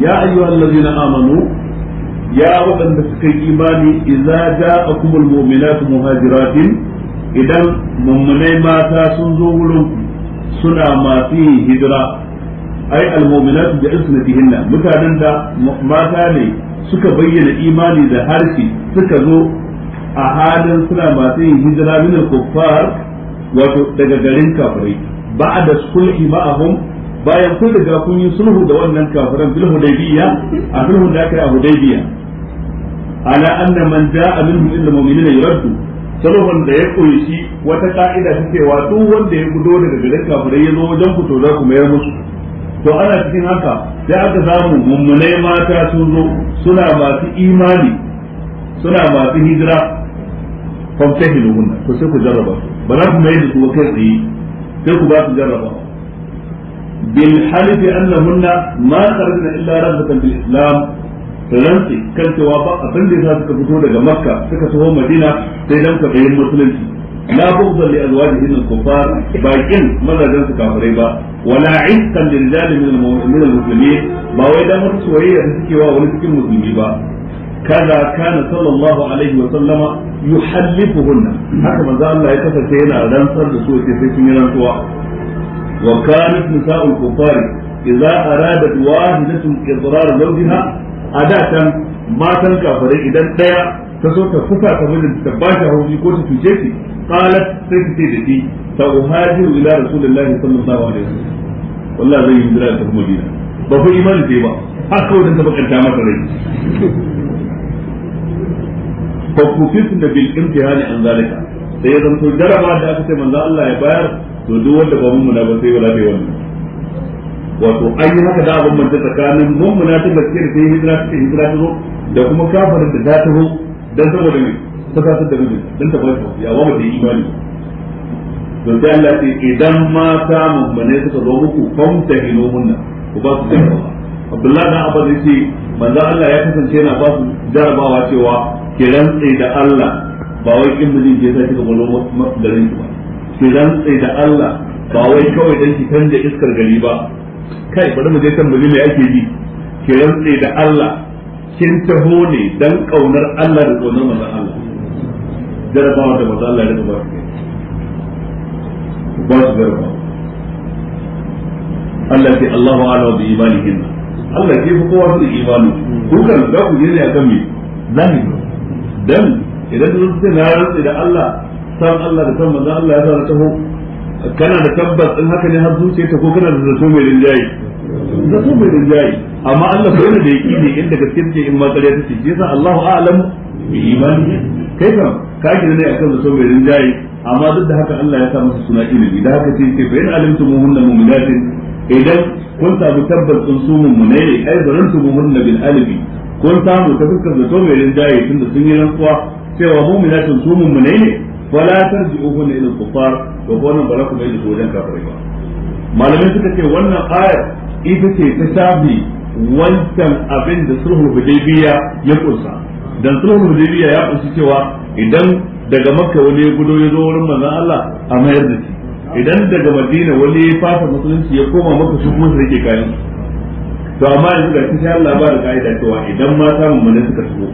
S2: يا أيها الذين آمنوا
S1: يا أبدا بسكي إيماني إذا جاءكم المؤمنات مهاجرات إذا ممني ماتا سنزول سنا ما فيه هجرة أي المؤمنات بإسنتهن متى ماتا لي suka bayyana imani da harshe suka zo a halin suna masu yin hijira min al-kuffar wato daga garin kafirai ba'da sulhi ma'ahum bayan kun daga kun yi sulhu da wannan kafiran bil hudaybiya a sulhun da aka yi a hudaybiya ala anna man ja'a minhum illa mu'minina yuraddu sulhun da ya koyi wata ka'ida ta cewa duk wanda ya gudo daga garin kafirai ya zo wajen fito za ku mayar musu to ana cikin haka sai aka samu mummunai mata sun zo suna masu imani suna masu hijira famtahilu hunna to sai ku jarraba ba za ku mai da su kai tsaye sai ku ba su jarraba bil halifi annahunna ma kharajna illa rabbatan bil islam rantsi kan cewa ba abin da ya suka fito daga makka suka taho madina sai dan kwaɗayin musulunci Na bughdan li azwajihin al-kuffar bakin mazajen su ba wala iskan lil rijali min al-muslimin ba wai damar mutu soyayya da suke wa wani cikin musulmi ba kaza kana sallallahu alaihi wa sallama yuhallifuhunna haka manzo Allah ya kasance yana rantsar da su sai sun yi rantsuwa wa kanat nisa'ul kuffar idza aradat wahidatun a da adatan matan kafirai idan daya ta zo ta kusa ta mijin ta ba shi hauri ko ta cuce shi qalat sai ta ce da shi ta uhajiru ila rasulullahi sallallahu alaihi wasallam wallahi zai yi hijira ta kuma dina ba ku imani sai ba har kawai dan ta bakanta masa rai fa da bil imtihani an zalika sai ya zanto jaraba da aka ce manzo Allah ya bayar to duk wanda ba mun ba sai wala bai wannan wato an yi haka da abin manta tsakanin mummuna ta gaske da sai hijira ta hijira ta zo da kuma kafarin da za ta ho dan saboda mai ta kasar da mijin dan ta bar ya wa mutum imani don sai Allah ce idan mata mummune suka zo muku famtahinu nan ku ba su jarabawa Abdullahi na Abbas ce manzo Allah ya kasance yana ba su jarabawa cewa ke rantsa da Allah ba wai kin mijin ke sai kika bolo garin ki ba ke rantsa da Allah ba wai kawai dan ki da iskar gari ba kai bari mu je kan me ake yi ke rantsa da Allah kin taho ne dan kaunar Allah da kaunar manzon Allah jarabawa da manzon Allah da ba su ba su jarabawa Allah sai Allahu a'lamu bi imanihin Allah ke fi kowa da imani ku kan za ku ne a kan me zahiri dan idan sun ce na rantsi da Allah san Allah da san manzon Allah ya sa taho kana da tabbas in haka ne har zuciyarka ko kana da zato mai rinjaye da su bai rinjayi amma Allah bai da yake ne inda gaskiya take in ma ƙarya take shi yasa Allahu a'lam bi imani kai kam ka kira ne akan zato bai rinjayi amma duk da haka Allah ya sa masa suna ilimi da haka sai ce fa in alimtu muhunna mu'minatin idan kun samu tabbas sun su mu'minai ne ai zarantu muhunna bil alibi kun samu ta fuskar zato bai tun da sun yi rantsuwa cewa mu'minatin su mu'minai ne fala tarji'uhunna ila al-kuffar to ko nan ba za ku mai da wajen kafirai malamai suka ce wannan ayar ita ce ta shafi wancan abin da sulhul hudaybiya ya kunsa dan sulhul hudaybiya ya kunsa cewa idan daga makka wani ya gudo ya zo wurin manzon Allah a mayar da shi idan daga madina wani ya fasa musulunci ya koma maka su kuma su rike kayan to amma yanzu ga shi Allah ba da ka'ida cewa idan mata mu ne suka shigo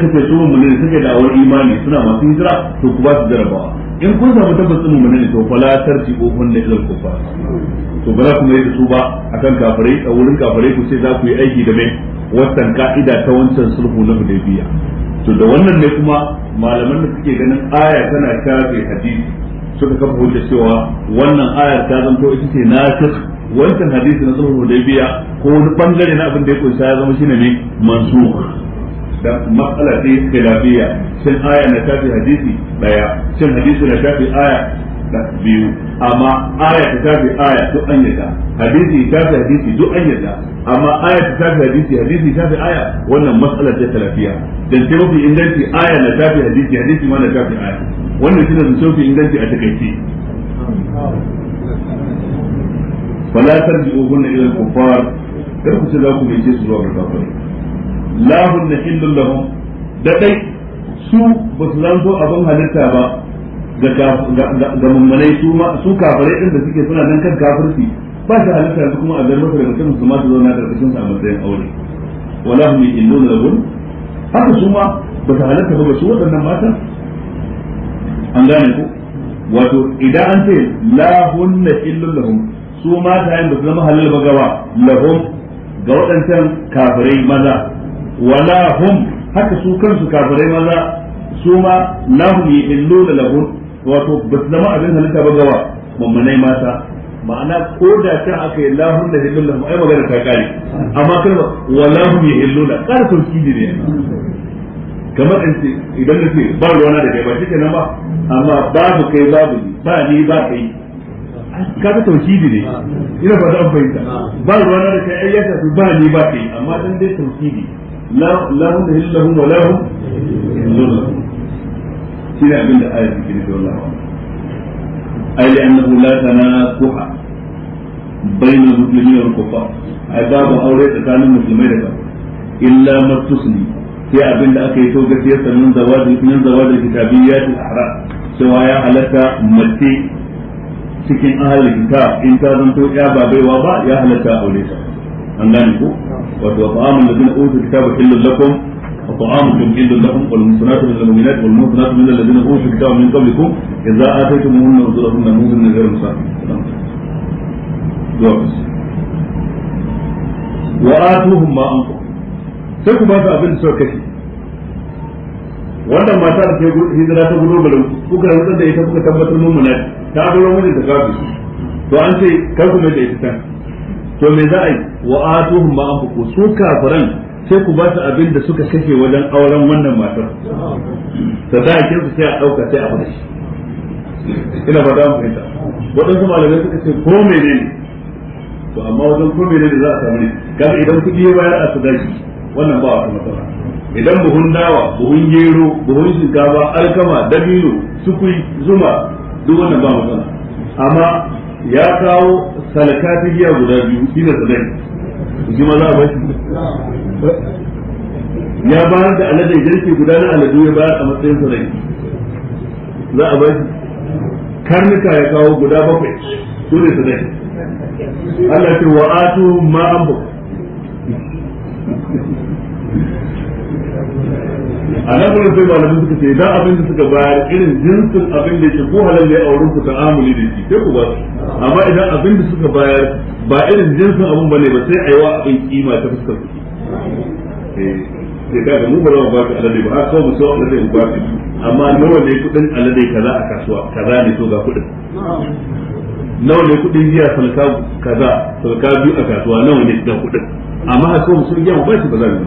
S1: suka ce su mu ne suka da awar imani suna masu hijira to ku ba su jarabawa in kun samu tabbas din mu ne to fala tarti ko kun da ilal kufa to ba za ku mai da su ba akan kafirai a wurin kafirai ku ce za ku yi aiki da mai wannan ka'ida ta wancan sulhu na hudaybiya to da wannan ne kuma malaman da suke ganin aya tana shafe hadisi suka kafa hujja cewa wannan ayar ta zanto ita ce nasikh wancan hadisi na sulhu hudaybiya ko wani bangare na abin da ya kunsa ya zama shine ne mansukh dan matsala ce khilafiya shin aya na tafi hadisi daya shin hadisi na tafi aya biyu amma aya ta tafi aya duk an yadda hadisi ta tafi hadisi duk an yadda amma aya ta tafi hadisi hadisi ta tafi aya wannan matsala ce talafiya dan ce mafi inganci aya na tafi hadisi hadisi ma na tafi aya wannan shine zance mafi inganci a takaice fala tarji'uhunna ila al-kuffar kar ku ce za ku mai zuwa ga lahun na hillun lahum da dai su ba su zanto abin ga ba ga mummunai su kafirai din da suke suna nan kan kafirci ba shi halitta yanzu kuma a zai masa daga cikin su ma su zauna karkashin sa a matsayin aure wala hum yillun lahum haka su ma ba su halitta ba su waɗannan matan an gane ku wato idan an ce lahunna illun lahum su mata yin da su zama halal ba gawa lahum ga waɗancan kafirai maza wala hum haka su kansu kafirai maza su ma lahum yillu da lahum wato ba su zama abin halitta ba gawa mammanai mata ma'ana ko da kan aka yi lahum da yillu lahum ai magana ta kare amma kan wala hum yillu da kar kidi ne kamar in ce idan na ce ba ruwana da kai ba shi kenan ba amma babu kai babu ni ba ni ba kai ta tauhidi ne ina ba da an fahimta ba ruwana da kai ai ya tafi ba ni ba kai amma dan dai tauhidi لا لا هم يهل لهم ولا هم يهلون لهم كنا عمل آية كنا والله أي لأنه لا تناكح بين المسلمين والكفار أي باب أولاد كان المسلمين إلا ما تسلم sai abin da aka yi to gaskiya sannan zawajin nan zawajin kitabiyyat al-ahra cewa ya halatta mace cikin ahlul kitab in ta zanto ya ba baiwa ba ya halarta aure ta an gane ku wato ta'amul ladina utul kitaba illal lakum وطعامكم حل لكم والمحصنات من المؤمنات والمحصنات من الذين اوتوا الكتاب من قبلكم اذا اتيتموهن اجورهن مؤمن غير مسافر. وآتوهم ما أنفقوا. sai ku ba su abin suka kashe wannan mata da ke hijira ta gudu malam kuka rantsar da ita kuka tabbatar mun muna ta gudu mun da kafi to an ce kar ku mai da ita to me za a yi wa atuhum ma anfaqu su kafiran sai ku ba su abin da suka kashe wajen auren wannan matar sadakin su sai a dauka sai a fada shi ina ba da mu fahimta waɗansu malamai suka ce ko menene to amma wajen ko menene za a samu ne ga idan kuɗi ya bayar a gashi wannan ba wata matsala idan buhun dawa buhun gero buhun shinkafa alkama dabino sukuri zuma duk wannan ba matsala amma ya kawo salaka giya guda biyu shi da sadai shi ma za a bashi ya bayar da aladai jirki guda na aladu ya bayar a matsayin sadai za a bashi karnuka ya kawo guda bakwai su ne sadai Allah ce wa'atu ma'abu a nan gurin sai malamin suka ce da abin da suka bayar irin jinsin abin da yake ko halal ne a wurin ku ta'amuli da shi sai ku ba su amma idan abin da suka bayar ba irin jinsin abin bane ba sai aiwa abin kima ta fuskar su eh, sai ka ga mu ba za ba ka alade ba har kawai musawa alade mu ba ka amma nawa ne kuɗin alade kaza a kasuwa kaza ne to ga kuɗin nawa ne kuɗin jiya salka kaza salka biyu a kasuwa nawa ne da kuɗin amma har kawai musawa giya mu ba shi ba za mu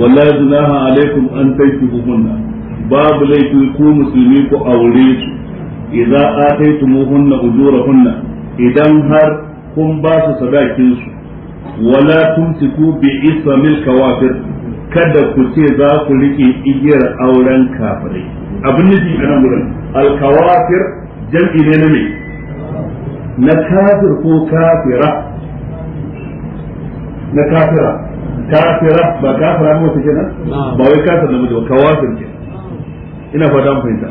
S1: wala junaha alaikum an tankihuhunna babu laifi ku musulmi ku aure su idza ataytumuhunna ujurahunna idan har kun ba su sadakin su wala tumsiku bi ismil kawafir kada ku ce za ku rike igiyar auren kafirai abin nufi a nan al alkawafir jam'i ne na na kafir ko kafira na kafira kafira ba kafira mu take nan ba wai kafir mutum ba wasu ke ina fata mu fahimta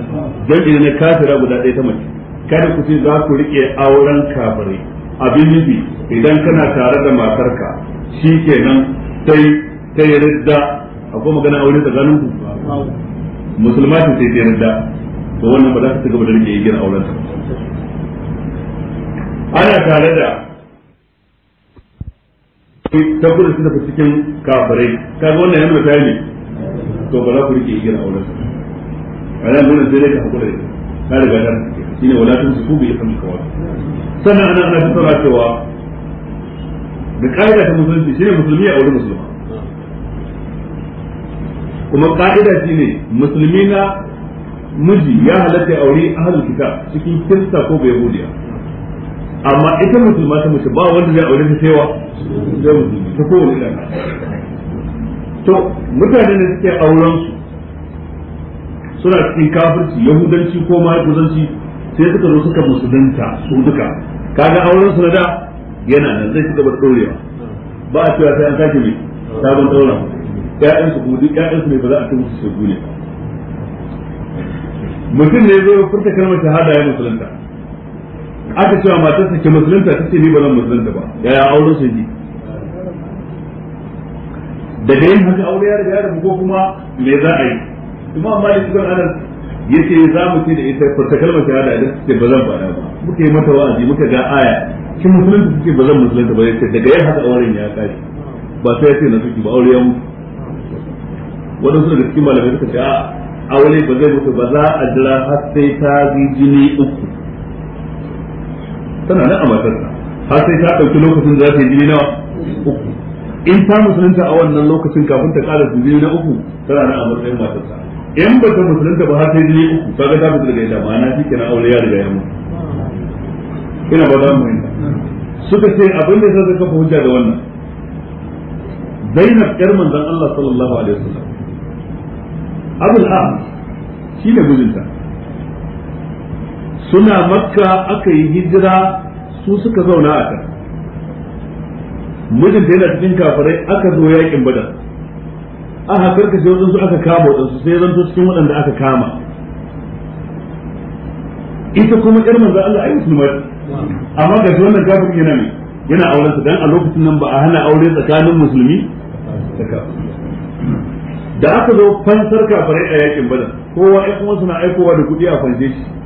S1: dan ne kafira guda ɗaya ta mace kada ku ce za ku rike auren kafirai abin nufi idan kana tare da matarka shi nan sai ta yi ridda akwai magana aure tsakanin ku musulma ce sai ta yi ridda to wannan ba za ka ci gaba da rike gina auren ta ana tare da ta su da ne to ba za ku da ka riga cewa da kaida ta musulunci shine musulmi ya musulma kuma ka'ida shine musulmi na miji ya halatta aure ahlul kitab cikin kirista ko bai yahudiya amma ita musulma ta mace ba wanda zai aure ta cewa zai ta kowane irin to mutane ne suke auren su suna cikin kafirci yahudanci ko yahudanci sai suka zo suka musulunta su duka kaga auren su na da yana nan zai ci gaba dorewa ba a cewa sai an sake mai sabon daura ƴaƴan su kuma duk ƴaƴan su ne ba za a ci musu su ne mutum ne zai furta kalmar shahada ya musulunta aka cewa matarsa ke musulunta ta ce ni ba zan musulunta ba yaya auren su ji daga yin haka aure ya riga ya rabu ko kuma me za a yi imam cikin anan ya ce za mu ce da ita fata kalmar shahada idan ce ba zan faɗa ba muka yi mata wa'azi muka ga aya ki musulunta suke ba zan musulunta ba yace daga yin haka auren ya kare ba sai ya ce na suke ba aure ya mutu wadansu daga cikin malamai suka ce a aure ba zai mutu ba za a jira har sai ta ji jini uku tana nan a matarsa har sai ta ɗauki lokacin da za ta yi jini na uku in ta musulunta a wannan lokacin kafin ta ƙara jini na uku tana nan a matsayin matarsa in ba ta musulunta ba har sai jini uku kaga ta fita daga ita ma'ana shi kenan aure ya riga ya mutu ina ba za mu yi suka ce abin da sai kafa hujja da wannan Zainab ƴar manzon Allah sallallahu alaihi wasallam Abul Ahmad shi ne mijinta suna makka aka yi hijira su suka zauna a kan mijinta yana cikin kafirai aka zo yakin badar aka karkashe su aka kama waɗansu sai zanto cikin waɗanda aka kama ita kuma ƴar manzo Allah ayi musulma amma ga shi wannan kafirin yana ne yana auren dan a lokacin nan ba a hana aure tsakanin musulmi da aka zo fansar kafirai a yakin badar kowa ya kuma suna aikowa da kuɗi a fanshe shi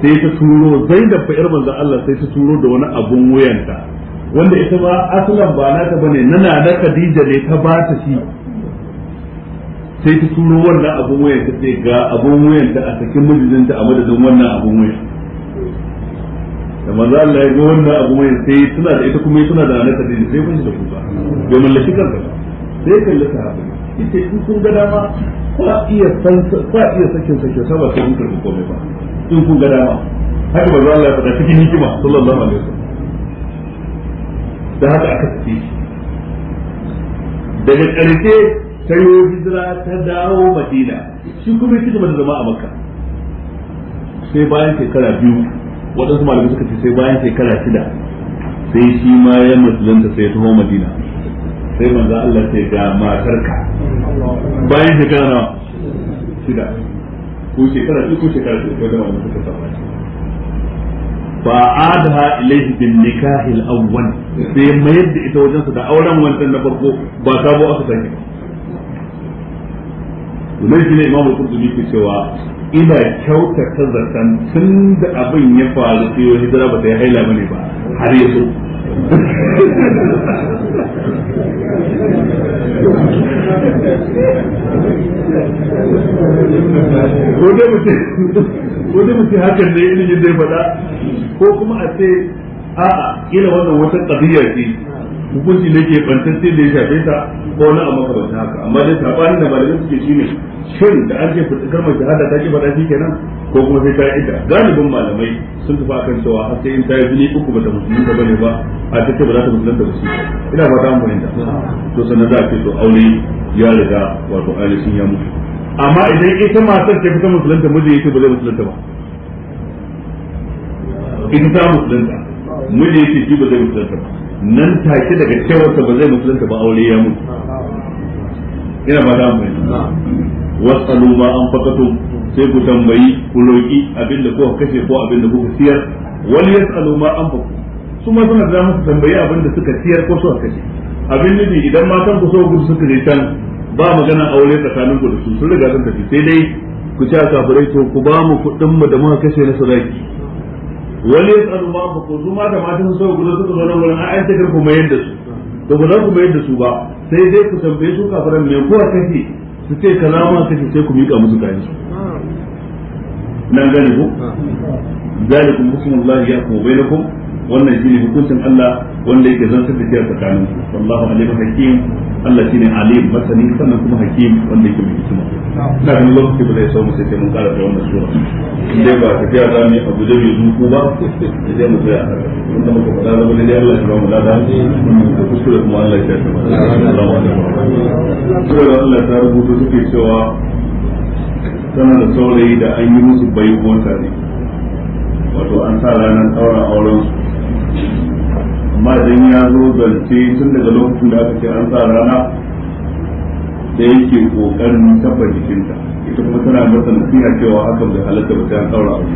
S1: sai ta turo zai da fa'ir da Allah sai ta turo da wani abun wuyanta wanda ita ba asalan ba naka bane nana na Khadija ne ta ba ta shi sai ta turo wannan abun wuyanta sai ga abun wuyanta a cikin mijinta a madadin wannan abun wuyan da manzo Allah ya ga wannan abun wuyan sai tana da ita kuma tana da nana Khadija sai kun shi da kuka domin mallaki kanka sai kallata haka ita kun ga dama ba iya san ba iya sakin sakin saboda kun karbi komai ba in kun ga dama haka ba za Allah faɗa cikin hikima sallallahu alaihi wasallam da haka aka tafi daga ƙarshe ta yi hijira ta dawo madina shi kuma ya cigaba da zama a makka sai bayan shekara biyu waɗansu malamai suka ce sai bayan shekara shida sai shi ma ya musulunta sai ya taho madina sai manzo Allah sai ga matarka bayan shekara nawa shida ko shekara ko shekara ko da wani suka samu fa adha ilayhi bin nikah al-awwal sai mayar da ita wajen sa da auren wancan na farko ba sabo aka sani ba wannan shine imam al-qurtubi ke cewa ina kyautata zaton tun da abin ya faru sai wani hijira ba ta yi haila bane ba har ya ko dai mutum hakan ne ilimin dai faɗa ko kuma a ce a'a ila wannan wata ƙabiya ce hukunci ne ke sai da ya shafe ta ko wani abu makamanta haka amma dai sabanin da malamai suke shi ne shin da an ce fitakar mai shahada ta ke faɗa shi kenan ko kuma sai ta yi ita galibin malamai sun tafi akan cewa har sai in ta yi jini uku ba ta ba bane ba a ta ce ba za ta musulun ba musulun ina ba ta amfani da to sannan za a ce to aure ya riga wato ainihin ya mutu amma idan ita matar ta fita musulunta miji yake ba zai musulunta ba ita ta musulunta miji yake shi ba zai musulunta ba nan take daga cewarsa ba zai musulunta ba aure ya mutu ina ba damu ne wasalu ma an fakatu sai ku tambayi ku roki abinda ko kashe ko abinda kuka siyar wani yasalu ma an fakatu su ma suna da musu tambayi abinda suka siyar ko suka kashe abin nufi idan matan ku so gudu suka je can ba magana aure tsakanin ku da su sun riga sun tafi sai dai ku ci a to ku ba mu kuɗin mu da muka kashe na sadaki wani ya tsaro ba ku su ma da matan sau guda suka zo wurin a ai takar ku mayar da su to ba za ku mayar da su ba sai dai ku tambaye su kafiran me kuwa kake su ce kaza ma kake sai ku mika musu kayan su nan gani ku ah. zalikum hukmullahi yahkum bainakum wannan shine hukuncin Allah wanda yake zantar da jiya tsakanin su wallahu alim hakim Allah shine alim masani sannan kuma hakim wanda yake mai hikima na ga lokaci ba zai so mu sai mun kara da wannan sura inda ba tafiya za mu yi abu da bai zuku ba da zai mu tsaya mun da muka da wannan ne Allah ya ba mu lada da kuskure kuma Allah ya shafe mu Allahu akbar sura Allah ta rubuta suke cewa tana da saurayi da an yi musu baiwa ne wato an sa ranar ɗaurin auren su amma idan ya zo zance tun daga lokacin da aka ce an sa rana da yake kokarin tabbar jikinta ita kuma tana masa nasiha cewa hakan bai halatta ba sai an saura abu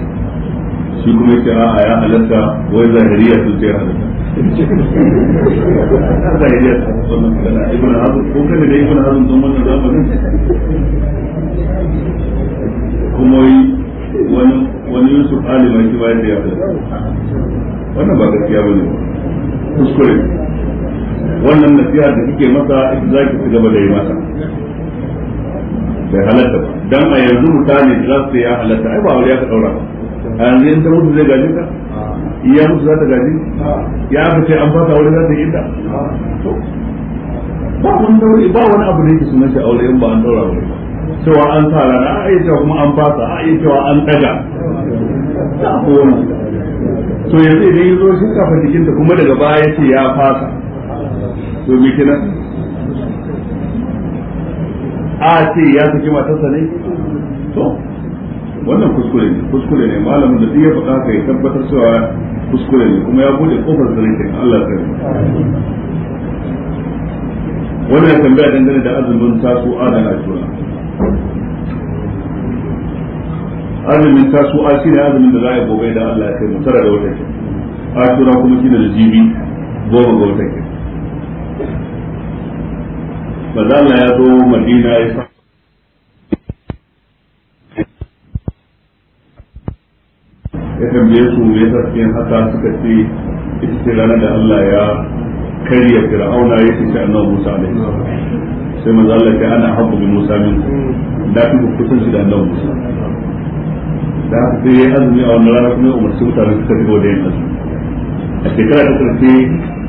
S1: shi kuma yake a'a ya halatta wai zahiriya sun ce halatta zahiriya ta wannan kana ibn hazm ko kana da ibn hazm don wannan zamanin kuma wani wani yusuf alima shi ba ya halatta wannan ba gaskiya bane ba kuskure wannan nasiha da kike masa ita za ki ci gaba da yi masa bai halatta ba dan a yanzu mutane da za su ya halatta ai ba wani ya ka daura a yanzu in ta mutu zai gaji ka iya mutu za ta gaji ya aka ce an fata aure za ta yi ta ba wani daure ba wani abu da yake sunan shi aure in ba an daura ba cewa an sa rana a iya cewa kuma an fasa a iya cewa an daga ta abuwa to yanzu idan ya zo shin kafa jikinta kuma daga baya ya ce ya fasa to me kina a ce ya saki matarsa ne to wannan kuskure ne kuskure ne malamin da ya faɗa ka ya tabbatar cewa kuskure ne kuma ya bude kofar sarki Allah yi wannan tambaya dangane da azumin tasu adana juna azumin tasu'a shine azumin da za a yi gobe da Allah ya kai mu tara da wata ke ashura kuma shine da jibi goma ga wata ke za Allah ya zo Madina ya ya tambaye su me yasa cikin haka suka ce ita ce ranar da Allah ya karya fir'auna ya ce annabi Musa alaihi sai manzo Allah ya ana habbu bi Musa min da kuma kusanci da annabi Musa da sai ya azumi a wannan rana kuma umarci mutane da azumi a shekara ta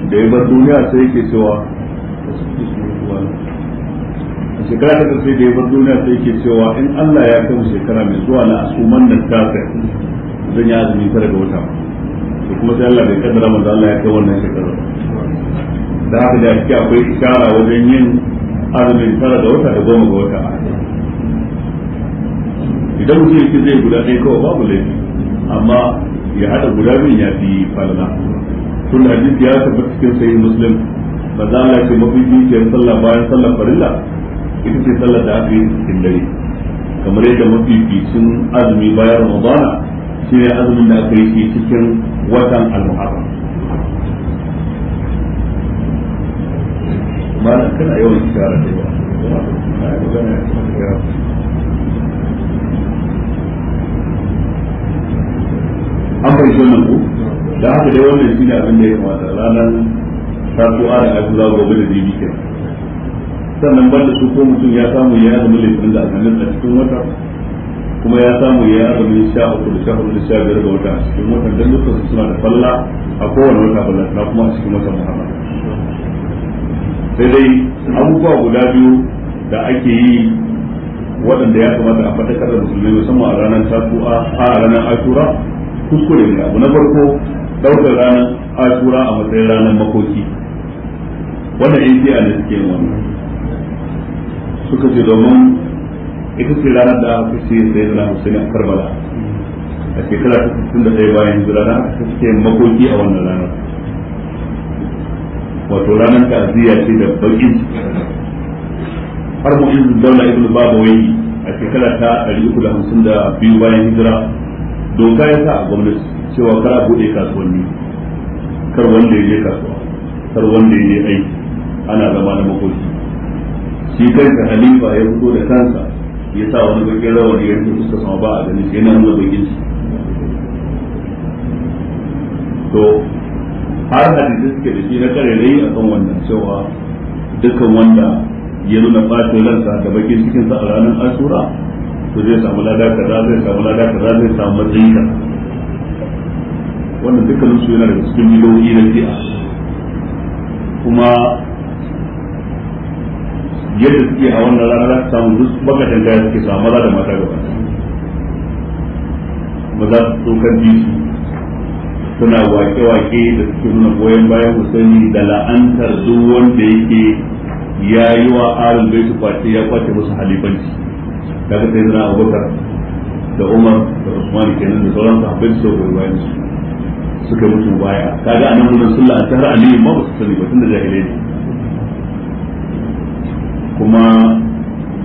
S1: da ya bar duniya sai yake cewa a shekara ta da ya bar duniya sai yake cewa in Allah ya kai shekara mai zuwa na asuman nan ta kai zan yi azumi tare da wata to kuma sai Allah bai kaddara manzo Allah ya kai wannan shekara da haka da akwai ishara wajen yin azumin tara da wata da goma ga wata idan mutum yake zai guda ɗaya kawai babu laifi amma ya haɗa guda biyun ya fi falala tun hadisi ya tabbata cikin sayin muslim ba za a ce mafi jijiyar sallah bayan sallah farilla ita ce sallah da aka yi cikin dare kamar yadda mafi fitin azumi bayan ramadana shi ne azumin da aka yi cikin watan al-muharram malam kana yawan shara da yawa an bai shi nan ku da haka dai wannan shi ne abin da ya kamata ranar tasu'a da aka zawo gobe da jibi kenan sannan banda su ko mutum ya samu ya zama laifin da azumin a cikin wata kuma ya samu ya azumin sha uku da sha hudu da sha biyar ga wata a cikin wata dan dukkan suna da falla a kowane wata falla na kuma a cikin wata muhammad sai dai abubuwa guda biyu da ake yi waɗanda ya kamata a faɗakar da musulmai musamman a ranar tasu'a a ranar ashura kuskure ne abu na farko daukar ranar ashura a matsayin ranar makoki wannan yan shi'a ne suke wannan suka ce domin ita ce ranar da aka ce sai da Hussein a Karbala a shekara ta sai bayan hijira na aka yin makoki a wannan ranar wato ranar ta'aziyya ce da bakin har mu'in daula ibn Babawai a shekara ta 352 bayan hijira doka ya sa a gwamnati cewa kara bude kasuwanni kar wanda ya je kasuwa kar wanda ya je aiki ana zama na makoki shi ka halifa ya fito da kansa ya sa wani bakin rawar ya yanzu suka sama ba a ganin sai na nuna bakin shi to har hadisi suke da shi na rai a kan wannan cewa dukkan wanda ya nuna ɓacin ransa da bakin cikinsa a ranar asura to zai samu lada kaza zai samu lada kaza zai samu matsayi ka wannan dukkanin su yana daga cikin miliyoyi na fi'a kuma yadda suke a wannan rana za su samu duk bakatan gaya suke samu maza da mata gaba maza su tsokan bisu suna wake-wake da suke nuna goyon bayan musulmi da la'antar duk wanda yake ya yi wa arin bai su kwace ya kwace musu halifanci daga sai zina abubakar da umar da usmani kenan da sauran sahabbai su goyi bayan su suka mutu baya kaga anan mun sun ta har aliyu ma ba su sani ba tunda jahilai ne kuma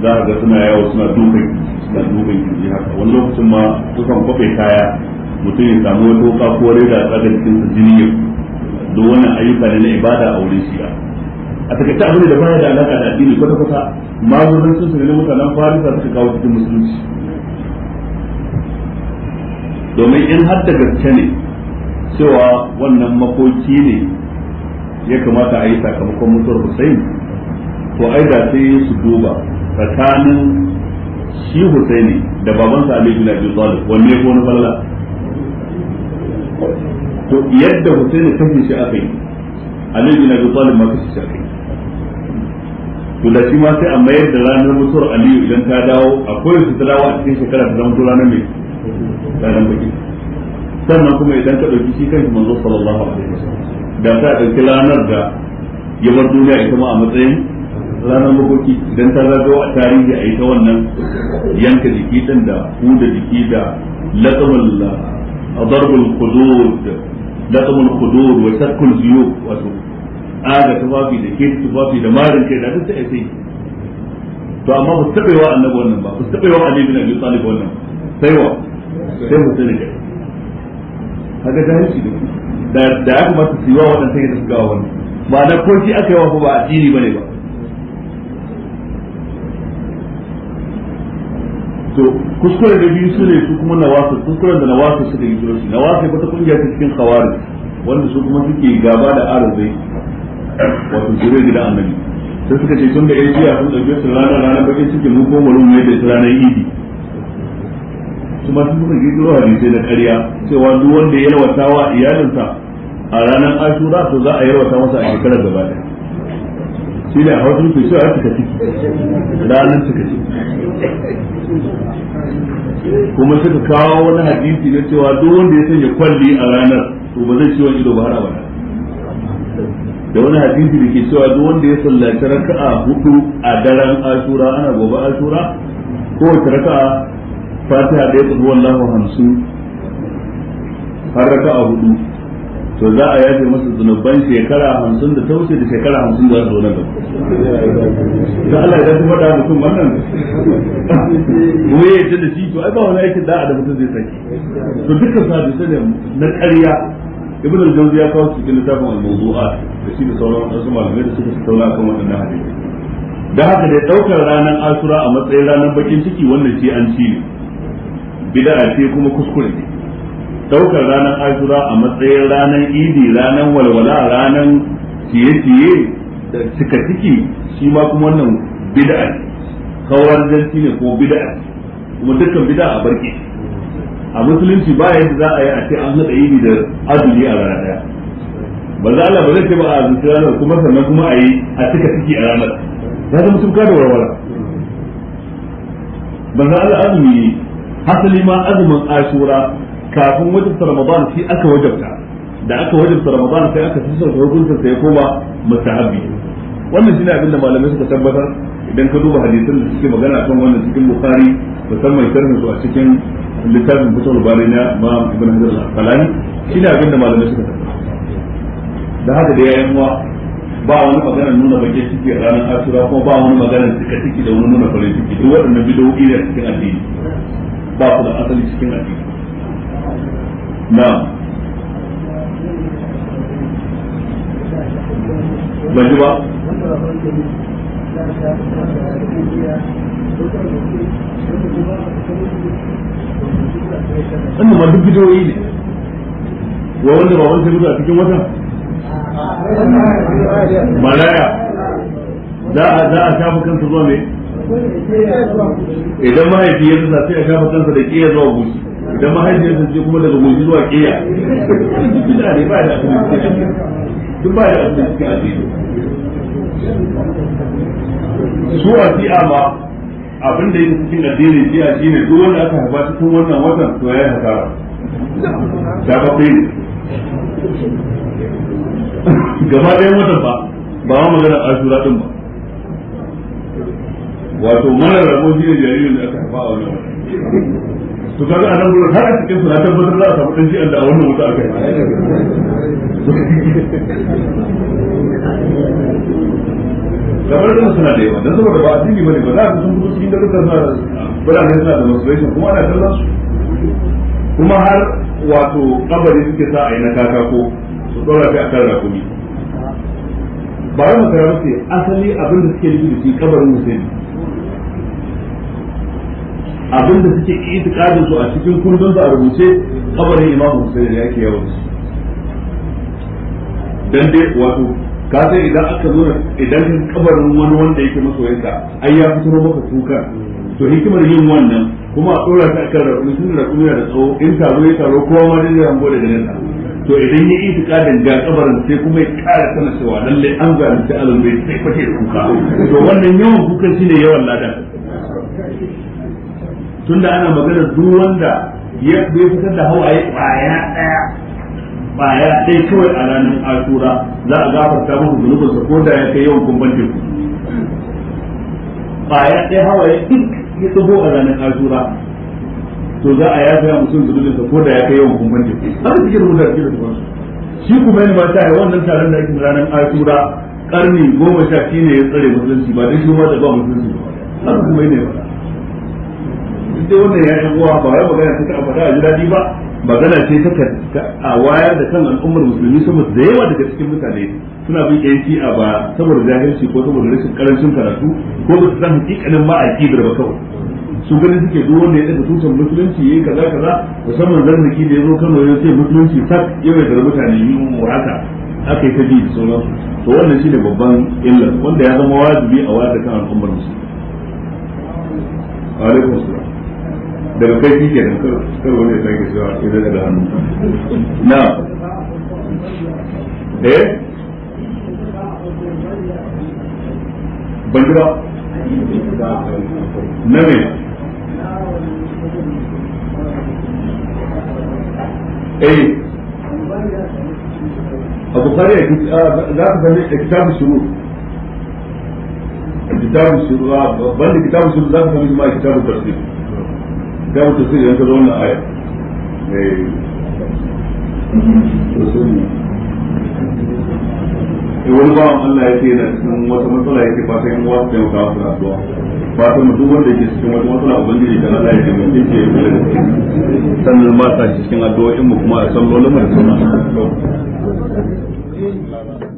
S1: za ka ga suna yawo suna dukan suna dukan kirji haka wani lokacin ma sukan kwafe kaya mutum ya samu wata wuka ko reda a tsagar cikin jini duk wannan ayyuka ne na ibada a wurin shi'a a takaice ta abin da baya da alaka da addini kwata kwata magunan sun sanar mutanen farisa suka kawo cikin musulunci domin in har da gaske ne cewa wannan makoki ne ya kamata a yi sakamakon mutuwar Hussein to ai da sai su duba tsakanin shi Hussein da babansa Ali bin Abi Talib wanne ko na balla to yadda Hussein ta shi akai Ali bin Abi Talib ma kashe shi kai tunda shi ma sai a mayar da ranar mutuwar aliyu idan ta dawo a koyaushe ta dawo a cikin shekara ta zama ranar mai ranar baki sannan kuma idan ka ɗauki shi kanki manzo sallallahu alaihi wasallam da ta ɗauki ranar da ya bar duniya ita ma a matsayin ranar makoki idan ta zagawa a tarihi a ta wannan yanka jiki ɗin da huda jiki da da ضرب kudur wa الخدود ziyo wato aga tufafi da ke tufafi da marin kai da duk sai sai to amma ba taɓa yawa annabi wannan ba ba taɓa yawa ali bin abi talib wannan sai wa sai mutune kai kaga shi da da da aka masa siwa wannan sai ya tsaka wannan ba na ko shi aka yawa ba addini bane ba to kuskure da biyu su ne su kuma nawasu kuskuren da nawasu da yi zuwa shi nawasu ta kungiya cikin khawarij wanda su kuma suke gaba da arzai wato zuriyar gidan annabi sai suka ce tun da ya jiya sun ɗauke su rana rana bakin cikin mun koma rumu ne da ranar idi su ma sun gidiro hadisai na ƙarya cewa duk wanda ya yalwata wa iyalinsa a ranar ashura to za a yalwata masa a shekarar gaba ɗaya shi ne a wasu su cewa cika ciki ranar cika ciki kuma suka kawo wani hadisi na cewa duk wanda ya sanya kwalli a ranar to ba zai ciwon ido ba har abada da wani hadisi da ke cewa duk wanda ya sallaci raka'a hudu a daren asura ana gobe ashura kowace raka'a fatiha da ya tsubu wallahu hamsin har raka'a hudu to za a yafe masa zunuban shekara hamsin da ta wuce da shekara hamsin da zo nan gaba Allah ya kuma da mutum wannan mu ya yi da shi to ai ba wani aikin da'a da mutum zai saki to dukkan sa da na ƙarya ibn al-jawzi ya kawo cikin littafin al-mawdu'a da shi da sauran wasu malamai da suka tattauna akan waɗannan hadisi da haka dai daukar ranar asura a matsayin ranar bakin ciki wannan ce an ci ne bid'a ce kuma kuskure ne daukar ranar asura a matsayin ranar idi ranar walwala ranar ciye-ciye da cika ciki shi ma kuma wannan bid'a ne kawar ne ko bid'a kuma dukkan bid'a a barke a musulunci ba yadda za a yi a ce an haɗa yini da azumi a rana ɗaya ba za Allah ba zai ce ba a azumi ranar kuma sannan kuma a yi a cika ciki a ranar ya zama sun kada warwara ba za Allah azumi hasali ma azumin ashura kafin wajibta ramadan shi aka wajabta da aka wajibta ramadan sai aka sassauta hukuncin sai koma mustahabbi wannan shine abin da malamai suka tabbatar idan ka duba hadisan da suke magana kan wannan cikin bukhari musamman sharhin su a cikin littafin fitar bari na ma ibn hajar al-asqalani shine abinda malamai suka tafi da haka da yayin wa ba wani magana nuna bakin ciki a ranar asura kuma ba wani magana cika ciki da wani nuna farin ciki duk waɗannan bidowi ne cikin addini ba su da asali cikin addini na
S3: ban ji ba wannan ma duk
S1: bidiyoyi ne wa wanda ba wani sai a cikin wata malaya za a za a shafa kansa zuwa ne idan mahaifi ya zuwa sai a shafa kansa da kiyar zuwa gushi idan mahaifi ya zuwa kuma daga gushi zuwa kiyar duk bida ne ba da asibiti duk ba da asibiti a su a ma abin da yake cikin addinin jiya shine duk wanda aka haifa cikin wannan watan to ya yi hasara da ba kai ne gaba ɗayan watan ba ba ma magana shura din ba wato mana rabo shi ne jaririn da aka haifa a wannan to kaga a nan gurin har a cikin suna tabbatar za a samu ɗan jiya da a wannan wata aka haifa gabar da suna da yawa dan saboda ba addini bane ba za ka sun gudu cikin darussa suna ba da suna da masoyishin kuma ana kallon su kuma har wato kabari suke sa a yi na katako su dora kai akan rakumi ba wai makara ba ce asali abin da suke nufi da shi kabarin musulmi abin da suke kadin su a cikin kundin su a rubuce kabarin imamu musulmi ya ke yawan su dan dai wato ka sai idan aka zo idan kabarin wani wanda yake masoyinka ai ya fito maka kuka to hikimar yin wannan kuma a dora ta kan rakumi sun rakumi da tsawo in taro ya taro kowa ma zai rango da nesa to idan ya yi kadin ga kabarin sai kuma ya kara sana cewa lalle an zalunci alal bai sai fate da kuka to wannan yawan kukan shine yawan ladan tunda ana magana duk wanda ya bai fitar da hawaye kwaya daya baya dai kawai a ranar asura za a gafarta muku sa ko da ya kai yawan kumban teku baya dai hawaye duk ya tsoho a ranar asura to za a ya yafe mutum sa ko da ya kai yawan kumban teku haka suke rubuta cikin da tubansu shi kuma yana mata yi wannan taron da ake ranar asura karni goma sha shi ne ya tsare musulunci ba dai shi ma da ba musulunci ba haka kuma yana ba duk wannan ya shigo a bayan magana ce ta fada a jiradi ba magana ce ta a wayar da kan al'ummar musulmi sama da yawa daga cikin mutane suna bin yanki a ba saboda jahilci ko saboda rashin karancin karatu ko ba su san hakikanin ma kibir ba kawai su ganin suke duk wanda ya daga tushen musulunci yayi kaza kaza musamman zarnaki da ya zo Kano ya ce musulunci sak yawai da mutane yi mu haka aka yi ta bi da sauran to wannan shine babban illar wanda ya zama wajibi a wayar da kan al'ummar musulmi alaikum assalam daga kai shi ke kar wani ya sake cewa ya daga hannu na eh ban ji na me eh a bukari za ka sami a kitabun shuru kitabun shuru ban da kitabun shuru za ka sami ma kitabun tafsir ga mutum sai idan zo wannan aya eh. eh wani bawan Allah ya ce yana cikin wata matsala yan uwa da yau kawo wanda yake cikin wata matsala ubangiji kan Allah ya ya kula da sannan ma cikin addu'o'in mu kuma a
S3: sallolin